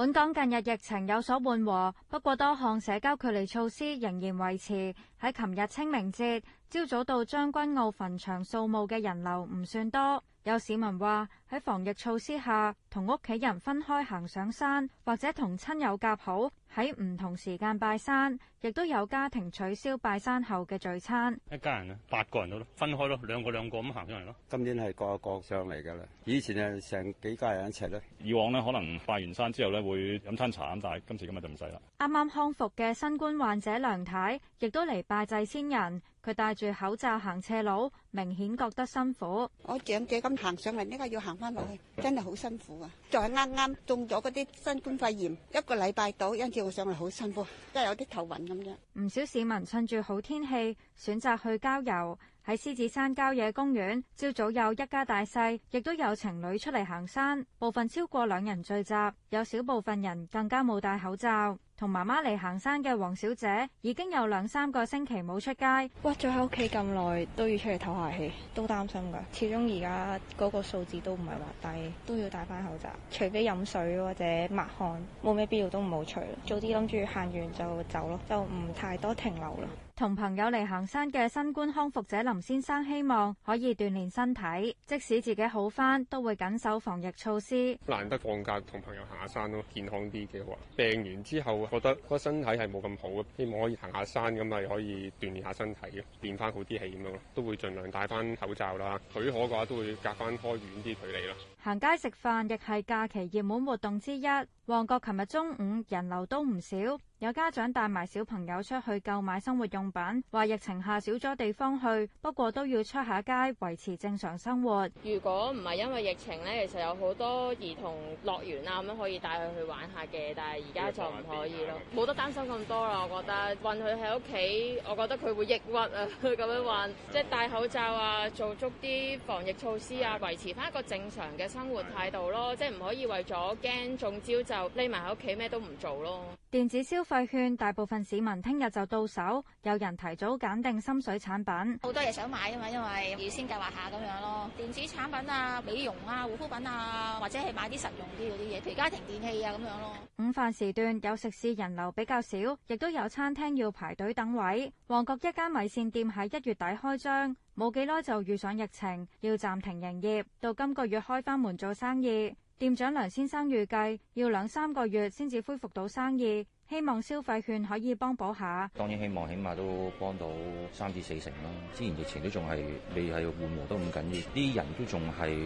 本港近日疫情有所緩和，不過多項社交距離措施仍然維持。喺琴日清明節，朝早到將軍澳墳場掃墓嘅人流唔算多，有市民話喺防疫措施下，同屋企人分開行上山，或者同親友夾好喺唔同時間拜山。亦都有家庭取消拜山後嘅聚餐。一家人啊，八個人都分開咯，兩個兩個咁行上嚟咯。今年係各有各上嚟噶啦，以前係成幾家人一齊咧。以往呢可能拜完山之後咧會飲餐茶但係，今次今日就唔使啦。啱啱康復嘅新冠患者梁太亦都嚟拜祭先人。佢戴住口罩行斜路，明顯覺得辛苦。我長者咁行上嚟，呢家要行翻落去，真係好辛苦啊！就係啱啱中咗嗰啲新冠肺炎，一個禮拜到，因此我上嚟好辛苦，而家有啲頭暈咁樣。唔少市民趁住好天氣，選擇去郊遊。喺獅子山郊野公園，朝早有一家大細，亦都有情侶出嚟行山，部分超過兩人聚集，有少部分人更加冇戴口罩。同媽媽嚟行山嘅黃小姐，已經有兩三個星期冇出街，屈咗喺屋企咁耐，都要出嚟透下氣。都擔心㗎，始終而家嗰個數字都唔係話低，都要戴翻口罩。除非飲水或者抹汗，冇咩必要都唔好除。早啲諗住行完就走咯，就唔太多停留啦。同朋友嚟行山嘅新冠康復者林先生，希望可以鍛煉身體，即使自己好翻，都會緊守防疫措施。難得放假同朋友行下山咯，健康啲幾好啊！病完之後覺得個身體係冇咁好，希望可以行下山，咁咪可以鍛煉下身體，變翻好啲氣咁咯。都會盡量戴翻口罩啦，許可嘅話都會隔翻開遠啲距離啦。行街食飯亦係假期熱門活動之一。旺角琴日中午人流都唔少，有家長帶埋小朋友出去購買生活用品，話疫情下少咗地方去，不過都要出下街維持正常生活。如果唔係因為疫情呢，其實有好多兒童樂園啊咁樣、嗯、可以帶佢去玩下嘅，但係而家就唔可以咯，冇、啊、得擔心咁多啦。我覺得韞佢喺屋企，我覺得佢會抑鬱啊，佢咁樣韞，即係戴口罩啊，做足啲防疫措施啊，維持翻一個正常嘅。生活態度咯，即係唔可以為咗驚中招就匿埋喺屋企咩都唔做咯。電子消費券大部分市民聽日就到手，有人提早揀定心水產品。好多嘢想買啊嘛，因為要先計劃下咁樣咯。電子產品啊，美容啊，護膚品啊，或者係買啲實用啲嗰啲嘢，譬如家庭電器啊咁樣咯。午飯時段有食肆人流比較少，亦都有餐廳要排隊等位。旺角一間米線店喺一月底開張。冇幾耐就遇上疫情，要暫停營業，到今個月開返門做生意。店長梁先生預計要兩三個月先至恢復到生意。希望消費券可以幫補一下，當然希望起碼都幫到三至四成啦。之前疫情都仲係未係緩和都咁緊要，啲人都仲係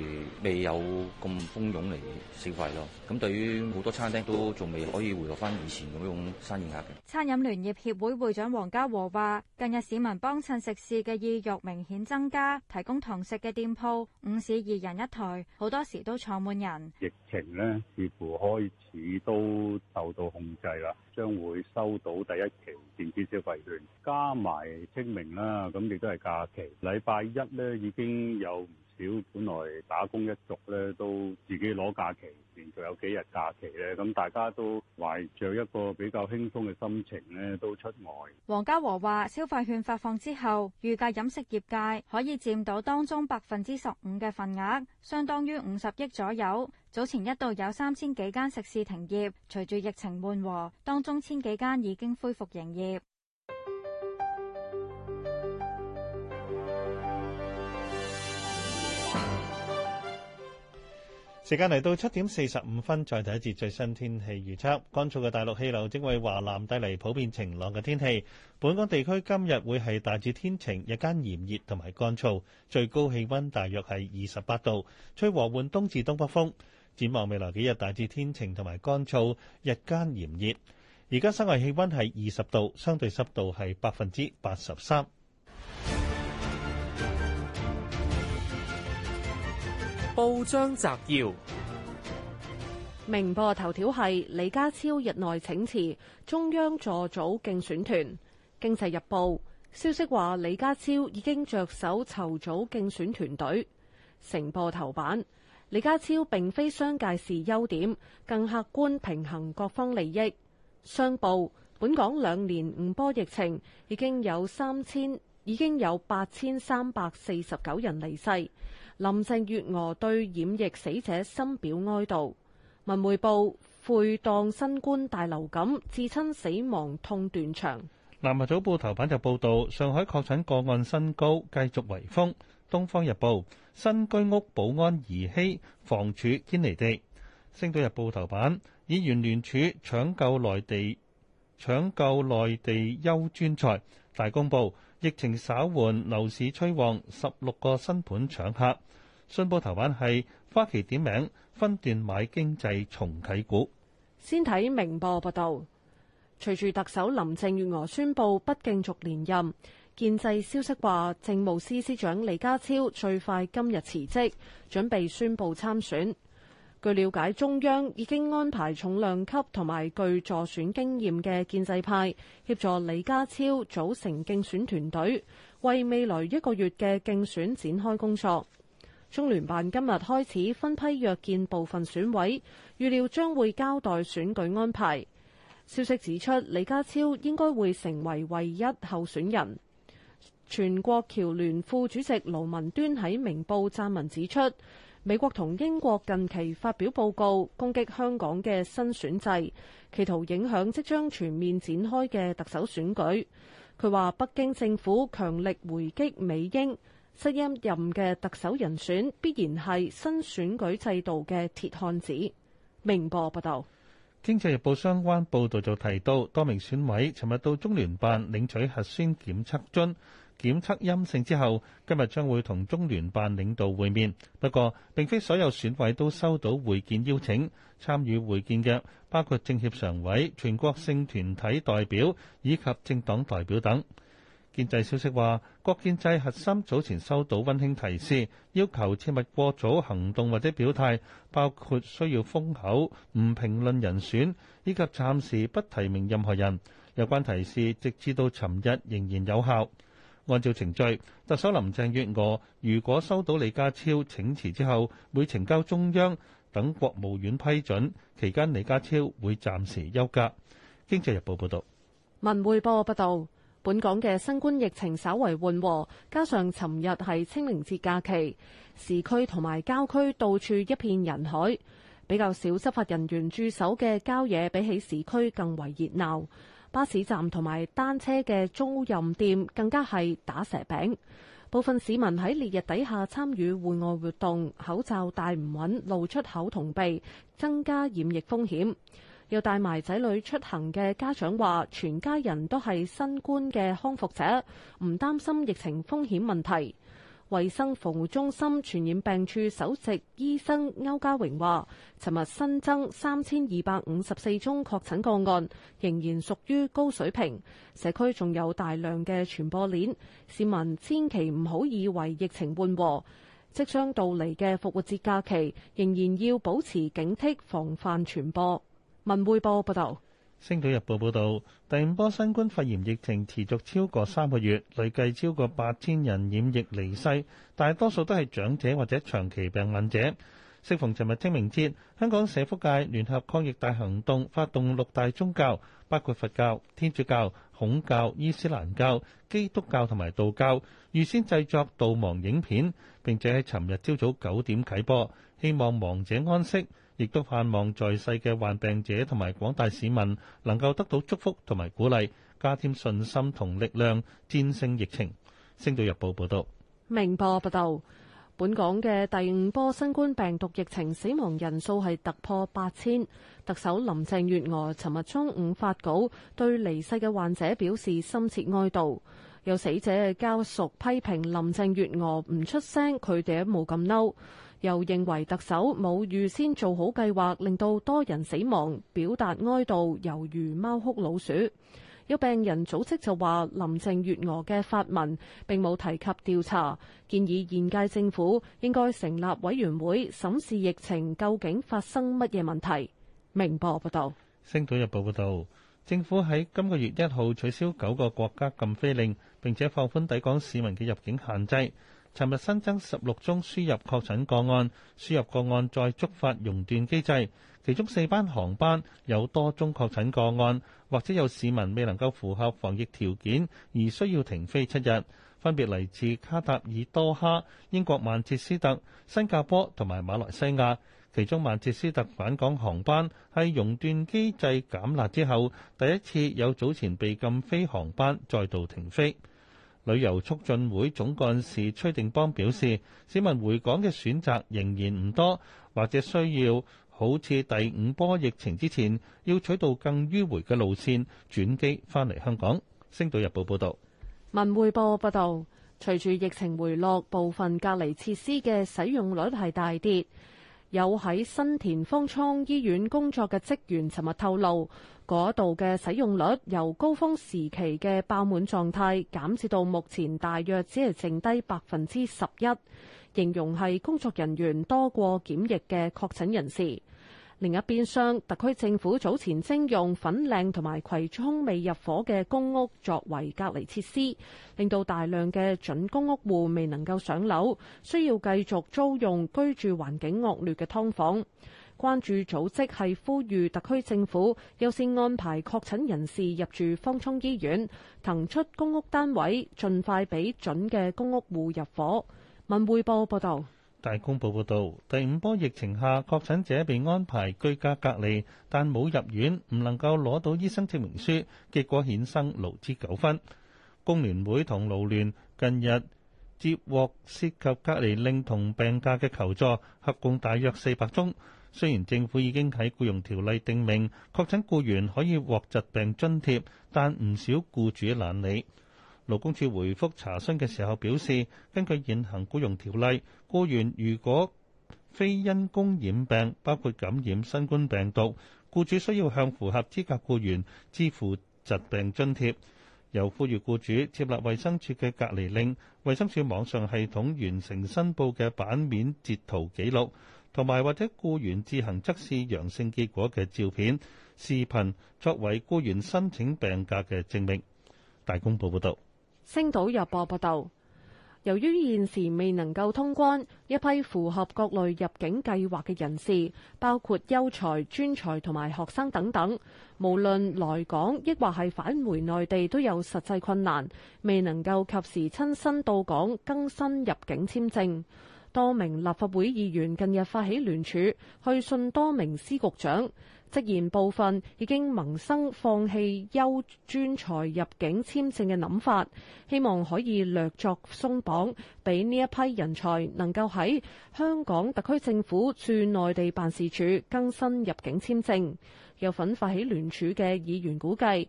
未有咁蜂擁嚟消費咯。咁對於好多餐廳都仲未可以回落翻以前嗰種生意額嘅。餐飲聯業協會會，會長王家和話：近日市民幫襯食肆嘅意欲明顯增加，提供堂食嘅店鋪午市二人一台，好多時都坐滿人。疫情呢，似乎可以。已都受到控制啦，將會收到第一期電子消費券，加埋清明啦，咁亦都係假期。禮拜一咧已經有。少本來打工一族咧，都自己攞假期，連續有幾日假期咧，咁大家都懷着一個比較輕鬆嘅心情呢，都出外。黃家和話：消費券發放之後，預計飲食業界可以佔到當中百分之十五嘅份額，相當於五十億左右。早前一度有三千幾間食肆停業，隨住疫情緩和，當中千幾間已經恢復營業。時間嚟到七點四十五分，再睇一節最新天氣預測。乾燥嘅大陸氣流正為華南帶嚟普遍晴朗嘅天氣。本港地區今日會係大致天晴，日間炎熱同埋乾燥，最高氣温大約係二十八度，吹和緩東至東北風。展望未來幾日大致天晴同埋乾燥，日間炎熱。而家室外氣温係二十度，相對濕度係百分之八十三。報章摘要：明報頭條係李家超日內請辭中央助組競選團。經濟日報消息話，李家超已經着手籌組競選團隊。成報頭版：李家超並非商界是優點，更客觀平衡各方利益。商報：本港兩年五波疫情，已經有三千已經有八千三百四十九人離世。林鄭月娥對染疫死者深表哀悼。文匯報，悔當新冠大流感，至親死亡痛斷腸。南華早報頭版就報道上海確診個案新高，繼續圍封。東方日報，新居屋保安兒戲，房署堅離地。星島日報頭版，議員聯署搶救內地搶救內地優專才，大公報，疫情稍緩，樓市趨旺，十六個新盤搶客。信報頭版係花旗點名分段買經濟重啟股。先睇明報報道：「隨住特首林鄭月娥宣布不競逐連任，建制消息話，政務司司長李家超最快今日辭職，準備宣佈參選。據了解，中央已經安排重量級同埋具助選經驗嘅建制派協助李家超組成競選團隊，為未來一個月嘅競選展開工作。中聯辦今日開始分批約見部分選委，預料將會交代選舉安排。消息指出，李家超應該會成為唯一候選人。全國僑聯副主席盧文端喺明報撰文指出。美國同英國近期發表報告，攻擊香港嘅新選制，企圖影響即將全面展開嘅特首選舉。佢話北京政府強力回擊美英，新一任嘅特首人選必然係新選舉制度嘅鐵漢子。明報報道，經濟日報相關報道就提到，多名選委尋日到中聯辦領取核酸檢測樽。檢測陰性之後，今日將會同中聯辦領導會面。不過，並非所有選委都收到會見邀請。參與會見嘅包括政協常委、全國性團體代表以及政黨代表等。建制消息話，國建制核心早前收到溫馨提示，要求切勿過早行動或者表態，包括需要封口、唔評論人選以及暫時不提名任何人。有關提示直至到尋日仍然有效。按照程序，特首林鄭月娥如果收到李家超請辭之後會呈交中央等國務院批准。期間李家超會暫時休假。經濟日報報道，文匯報報道，本港嘅新冠疫情稍為緩和，加上尋日係清明節假期，市區同埋郊區到處一片人海，比較少執法人員駐守嘅郊野，比起市區更為熱鬧。巴士站同埋單車嘅租賃店更加係打蛇餅。部分市民喺烈日底下參與戶外活動，口罩戴唔穩，露出口同鼻，增加染疫風險。有帶埋仔女出行嘅家長話，全家人都係新冠嘅康復者，唔擔心疫情風險問題。衛生防護中心傳染病處首席醫生歐家榮話，尋日新增三千二百五十四宗確診個案，仍然屬於高水平，社區仲有大量嘅傳播鏈，市民千祈唔好以為疫情緩和，即將到嚟嘅復活節假期，仍然要保持警惕，防範傳播。文匯報報道。《星島日報》報導，第五波新冠肺炎疫情持續超過三個月，累計超過八千人染疫離世，大多數都係長者或者長期病患者。適逢尋日清明節，香港社福界聯合抗疫大行動，發動六大宗教，包括佛教、天主教、孔教、伊斯蘭教、基督教同埋道教，預先製作悼亡影片，並且喺尋日朝早九點啟播，希望亡者安息。亦都盼望在世嘅患病者同埋廣大市民能夠得到祝福同埋鼓勵，加添信心同力量，戰勝疫情。星島日報報道。明報報道，本港嘅第五波新冠病毒疫情死亡人數係突破八千。特首林鄭月娥尋日中午發稿，對離世嘅患者表示深切哀悼。有死者嘅家屬批評林鄭月娥唔出聲，佢哋都冇咁嬲。又認為特首冇預先做好計劃，令到多人死亡，表達哀悼，猶如貓哭老鼠。有病人組織就話，林鄭月娥嘅發文並冇提及調查，建議現屆政府應該成立委員會審視疫情究竟發生乜嘢問題。明報報道。《星島日報》報道，政府喺今個月一號取消九個國家禁飛令，並且放寬抵港市民嘅入境限制。尋日新增十六宗輸入確診個案，輸入個案再觸發熔斷機制，其中四班航班有多宗確診個案，或者有市民未能夠符合防疫條件而需要停飛七日，分別嚟自卡塔爾多哈、英國曼徹斯特、新加坡同埋馬來西亞，其中曼徹斯特返港航班係熔斷機制減壓之後第一次有早前被禁飛航班再度停飛。旅遊促進會總幹事崔定邦表示，市民回港嘅選擇仍然唔多，或者需要好似第五波疫情之前，要取道更迂回嘅路線轉機返嚟香港。星島日報報道，文匯報報道，隨住疫情回落，部分隔離設施嘅使用率係大跌。有喺新田方艙醫院工作嘅職員尋日透露，嗰度嘅使用率由高峰時期嘅爆滿狀態，減至到目前大約只係剩低百分之十一，形容係工作人員多過檢疫嘅確診人士。另一邊廂，特區政府早前徵用粉嶺同埋葵涌未入伙嘅公屋作為隔離設施，令到大量嘅準公屋戶未能夠上樓，需要繼續租用居住環境惡劣嘅劏房。關注組織係呼籲特區政府優先安排確診人士入住方艙醫院，騰出公屋單位，盡快俾準嘅公屋戶入伙。文匯報報道。大公報報導，第五波疫情下，確診者被安排居家隔離，但冇入院，唔能夠攞到醫生證明書，結果衍生勞資糾紛。工聯會同勞聯近日接獲涉及隔離令同病假嘅求助，合共大約四百宗。雖然政府已經喺雇傭條例定明，確診雇員可以獲疾病津貼，但唔少僱主懶理。勞工處回覆查詢嘅時候表示，根據現行僱傭條例，雇員如果非因工染病，包括感染新冠病毒，雇主需要向符合資格僱員支付疾病津貼。又呼籲雇主接納衛生署嘅隔離令，衛生署網上系統完成申報嘅版面截圖記錄，同埋或者僱員自行測試陽性結果嘅照片、視頻，作為僱員申請病假嘅證明。大公報報導。星島日報報道，由於現時未能夠通關，一批符合各類入境計劃嘅人士，包括優才、專才同埋學生等等，無論來港亦或係返回內地，都有實際困難，未能夠及時親身到港更新入境簽證。多名立法會議員近日發起聯署，去信多名司局長。直言，部分已經萌生放棄優專才入境簽證嘅諗法，希望可以略作鬆綁，俾呢一批人才能夠喺香港特區政府駐內地辦事處更新入境簽證，有份發起聯署嘅議員估計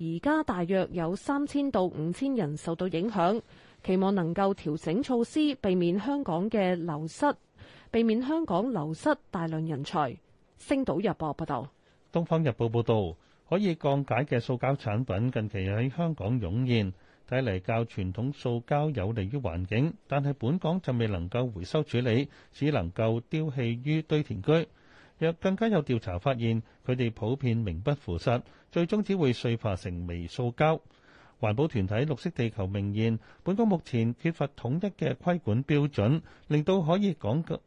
而家大約有三千到五千人受到影響，期望能夠調整措施，避免香港嘅流失，避免香港流失大量人才。星島日報報道，東方日報報道，可以降解嘅塑膠產品近期喺香港湧現，睇嚟較傳統塑膠有利於環境，但係本港就未能夠回收處理，只能夠丟棄於堆填區。若更加有調查發現，佢哋普遍名不符實，最終只會碎化成微塑膠。環保團體綠色地球明言，本港目前缺乏統一嘅規管標準，令到可以講嘅。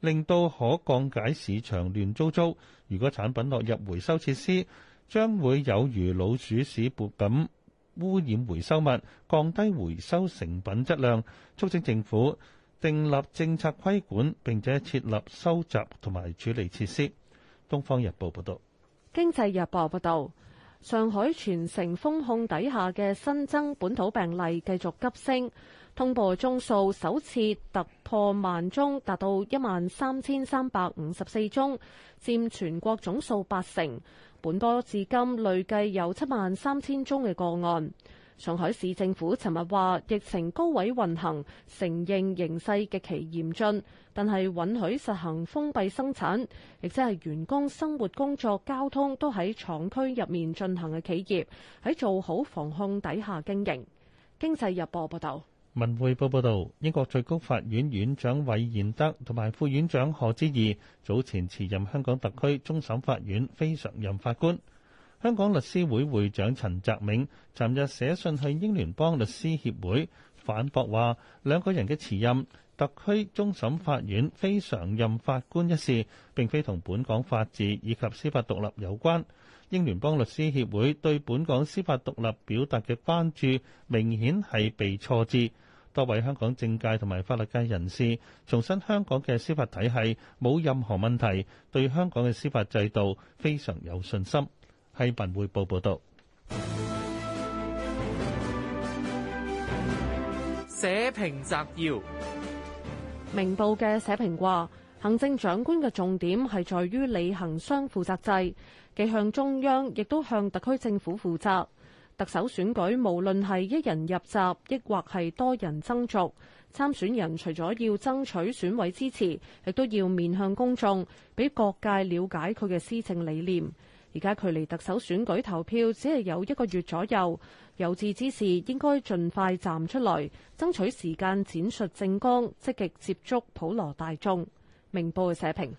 令到可降解市場亂糟糟。如果產品落入回收設施，將會有如老鼠屎般污染回收物，降低回收成品質量。促請政府訂立政策規管，並且設立收集同埋處理設施。《東方日報》報導，《經濟日報》報導，上海全城封控底下嘅新增本土病例繼續急升。通報宗數首次突破萬宗，達到一萬三千三百五十四宗，佔全國總數八成。本波至今累計有七萬三千宗嘅個案。上海市政府尋日話，疫情高位運行，承認形，形勢極其嚴峻，但係允許實行封閉生產，亦即係員工生活、工作、交通都喺廠區入面進行嘅企業喺做好防控底下經營。經濟日報報道。文匯報報導，英國最高法院院長韋賢德同埋副院長賀知義早前辭任香港特區終審法院非常任法官。香港律師會會長陳澤銘尋日寫信去英聯邦律師協會反駁，話兩個人嘅辭任特區終審法院非常任法官一事並非同本港法治以及司法獨立有關。英聯邦律師協會對本港司法獨立表達嘅關注，明顯係被錯置。多位香港政界同埋法律界人士重申香港嘅司法體系冇任何問題，對香港嘅司法制度非常有信心。係文匯報報道。社評摘要：明報嘅社評話，行政長官嘅重點係在於履行雙負責制，既向中央亦都向特區政府負責。特首選舉，無論係一人入閘，抑或係多人爭逐，參選人除咗要爭取選委支持，亦都要面向公眾，俾各界了解佢嘅施政理念。而家距離特首選舉投票只係有一個月左右，有志之士應該盡快站出來，爭取時間展述政綱，積極接觸普羅大眾。明報嘅社評。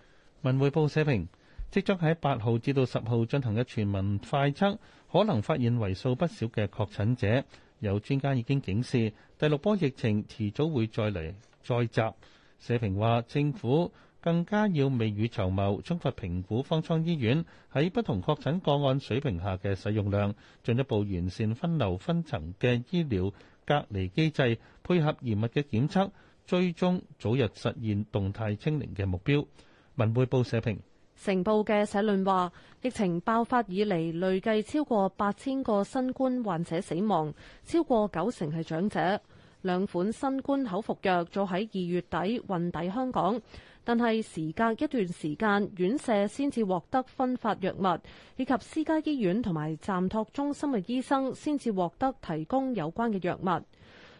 文匯報社評，即將喺八號至到十號進行嘅全民快測。可能發現為數不少嘅確診者，有專家已經警示第六波疫情遲早會再嚟再襲。社評話，政府更加要未雨綢繆，充分評估方艙醫院喺不同確診個案水平下嘅使用量，進一步完善分流分層嘅醫療隔離機制，配合嚴密嘅檢測追蹤，早日實現動態清零嘅目標。文匯報社評。成報嘅社論話：疫情爆發以嚟累計超過八千個新冠患者死亡，超過九成係長者。兩款新冠口服藥早喺二月底運抵香港，但係時隔一段時間，院舍先至獲得分發藥物，以及私家醫院同埋暫托中心嘅醫生先至獲得提供有關嘅藥物。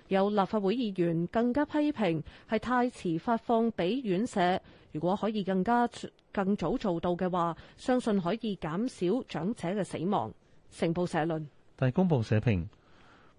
有立法會議員更加批評係太遲發放俾院舍，如果可以更加更早做到嘅話，相信可以減少長者嘅死亡。成報社論。大公報社評，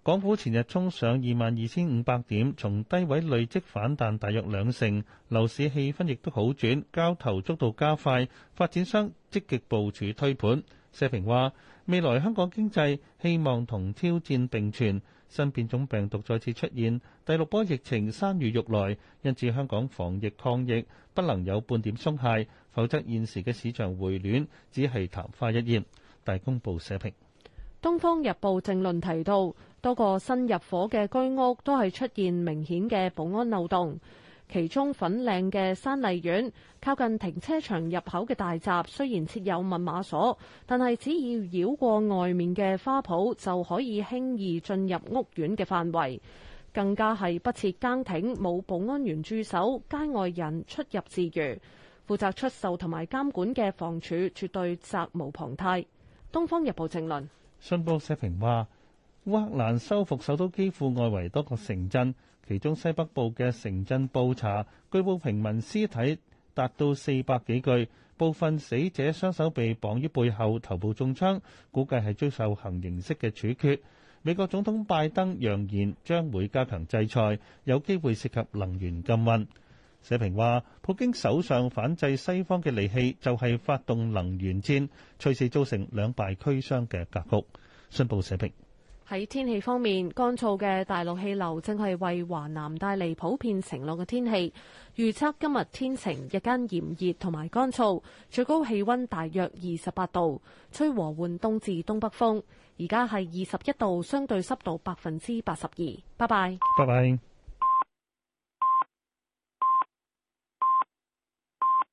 港股前日衝上二萬二千五百點，從低位累積反彈大約兩成。樓市氣氛亦都好轉，交投速度加快，發展商積極部署推盤。社評話：未來香港經濟希望同挑戰並存，新變種病毒再次出現，第六波疫情山雨欲來，因此香港防疫抗疫不能有半點鬆懈。否則，現時嘅市場回暖只係曇花一現。大公報社評《東方日報正論》提到，多個新入伙嘅居屋都係出現明顯嘅保安漏洞。其中粉嶺嘅山麗苑，靠近停車場入口嘅大閘，雖然設有密碼鎖，但係只要繞過外面嘅花圃就可以輕易進入屋苑嘅範圍。更加係不設更亭，冇保安員駐守，街外人出入自如。負責出售同埋監管嘅房署絕對責無旁貸。《東方日報》正論，信報社評話，烏克蘭收復首都基輔外圍多個城鎮，其中西北部嘅城鎮布查，據報平民屍體達到四百幾具，部分死者雙手被綁於背後，頭部中槍，估計係遭受行刑式嘅處決。美國總統拜登揚言將會加強制裁，有機會涉及能源禁運。社評話，普京手上反制西方嘅利器就係發動能源戰，隨時造成兩敗俱傷嘅格局。信報社評。喺天氣方面，乾燥嘅大陸氣流正係為華南帶嚟普遍晴朗嘅天氣。預測今日天晴，日間炎熱同埋乾燥，最高氣溫大約二十八度，吹和緩東至東北風。而家係二十一度，相對濕度百分之八十二。拜拜。拜拜。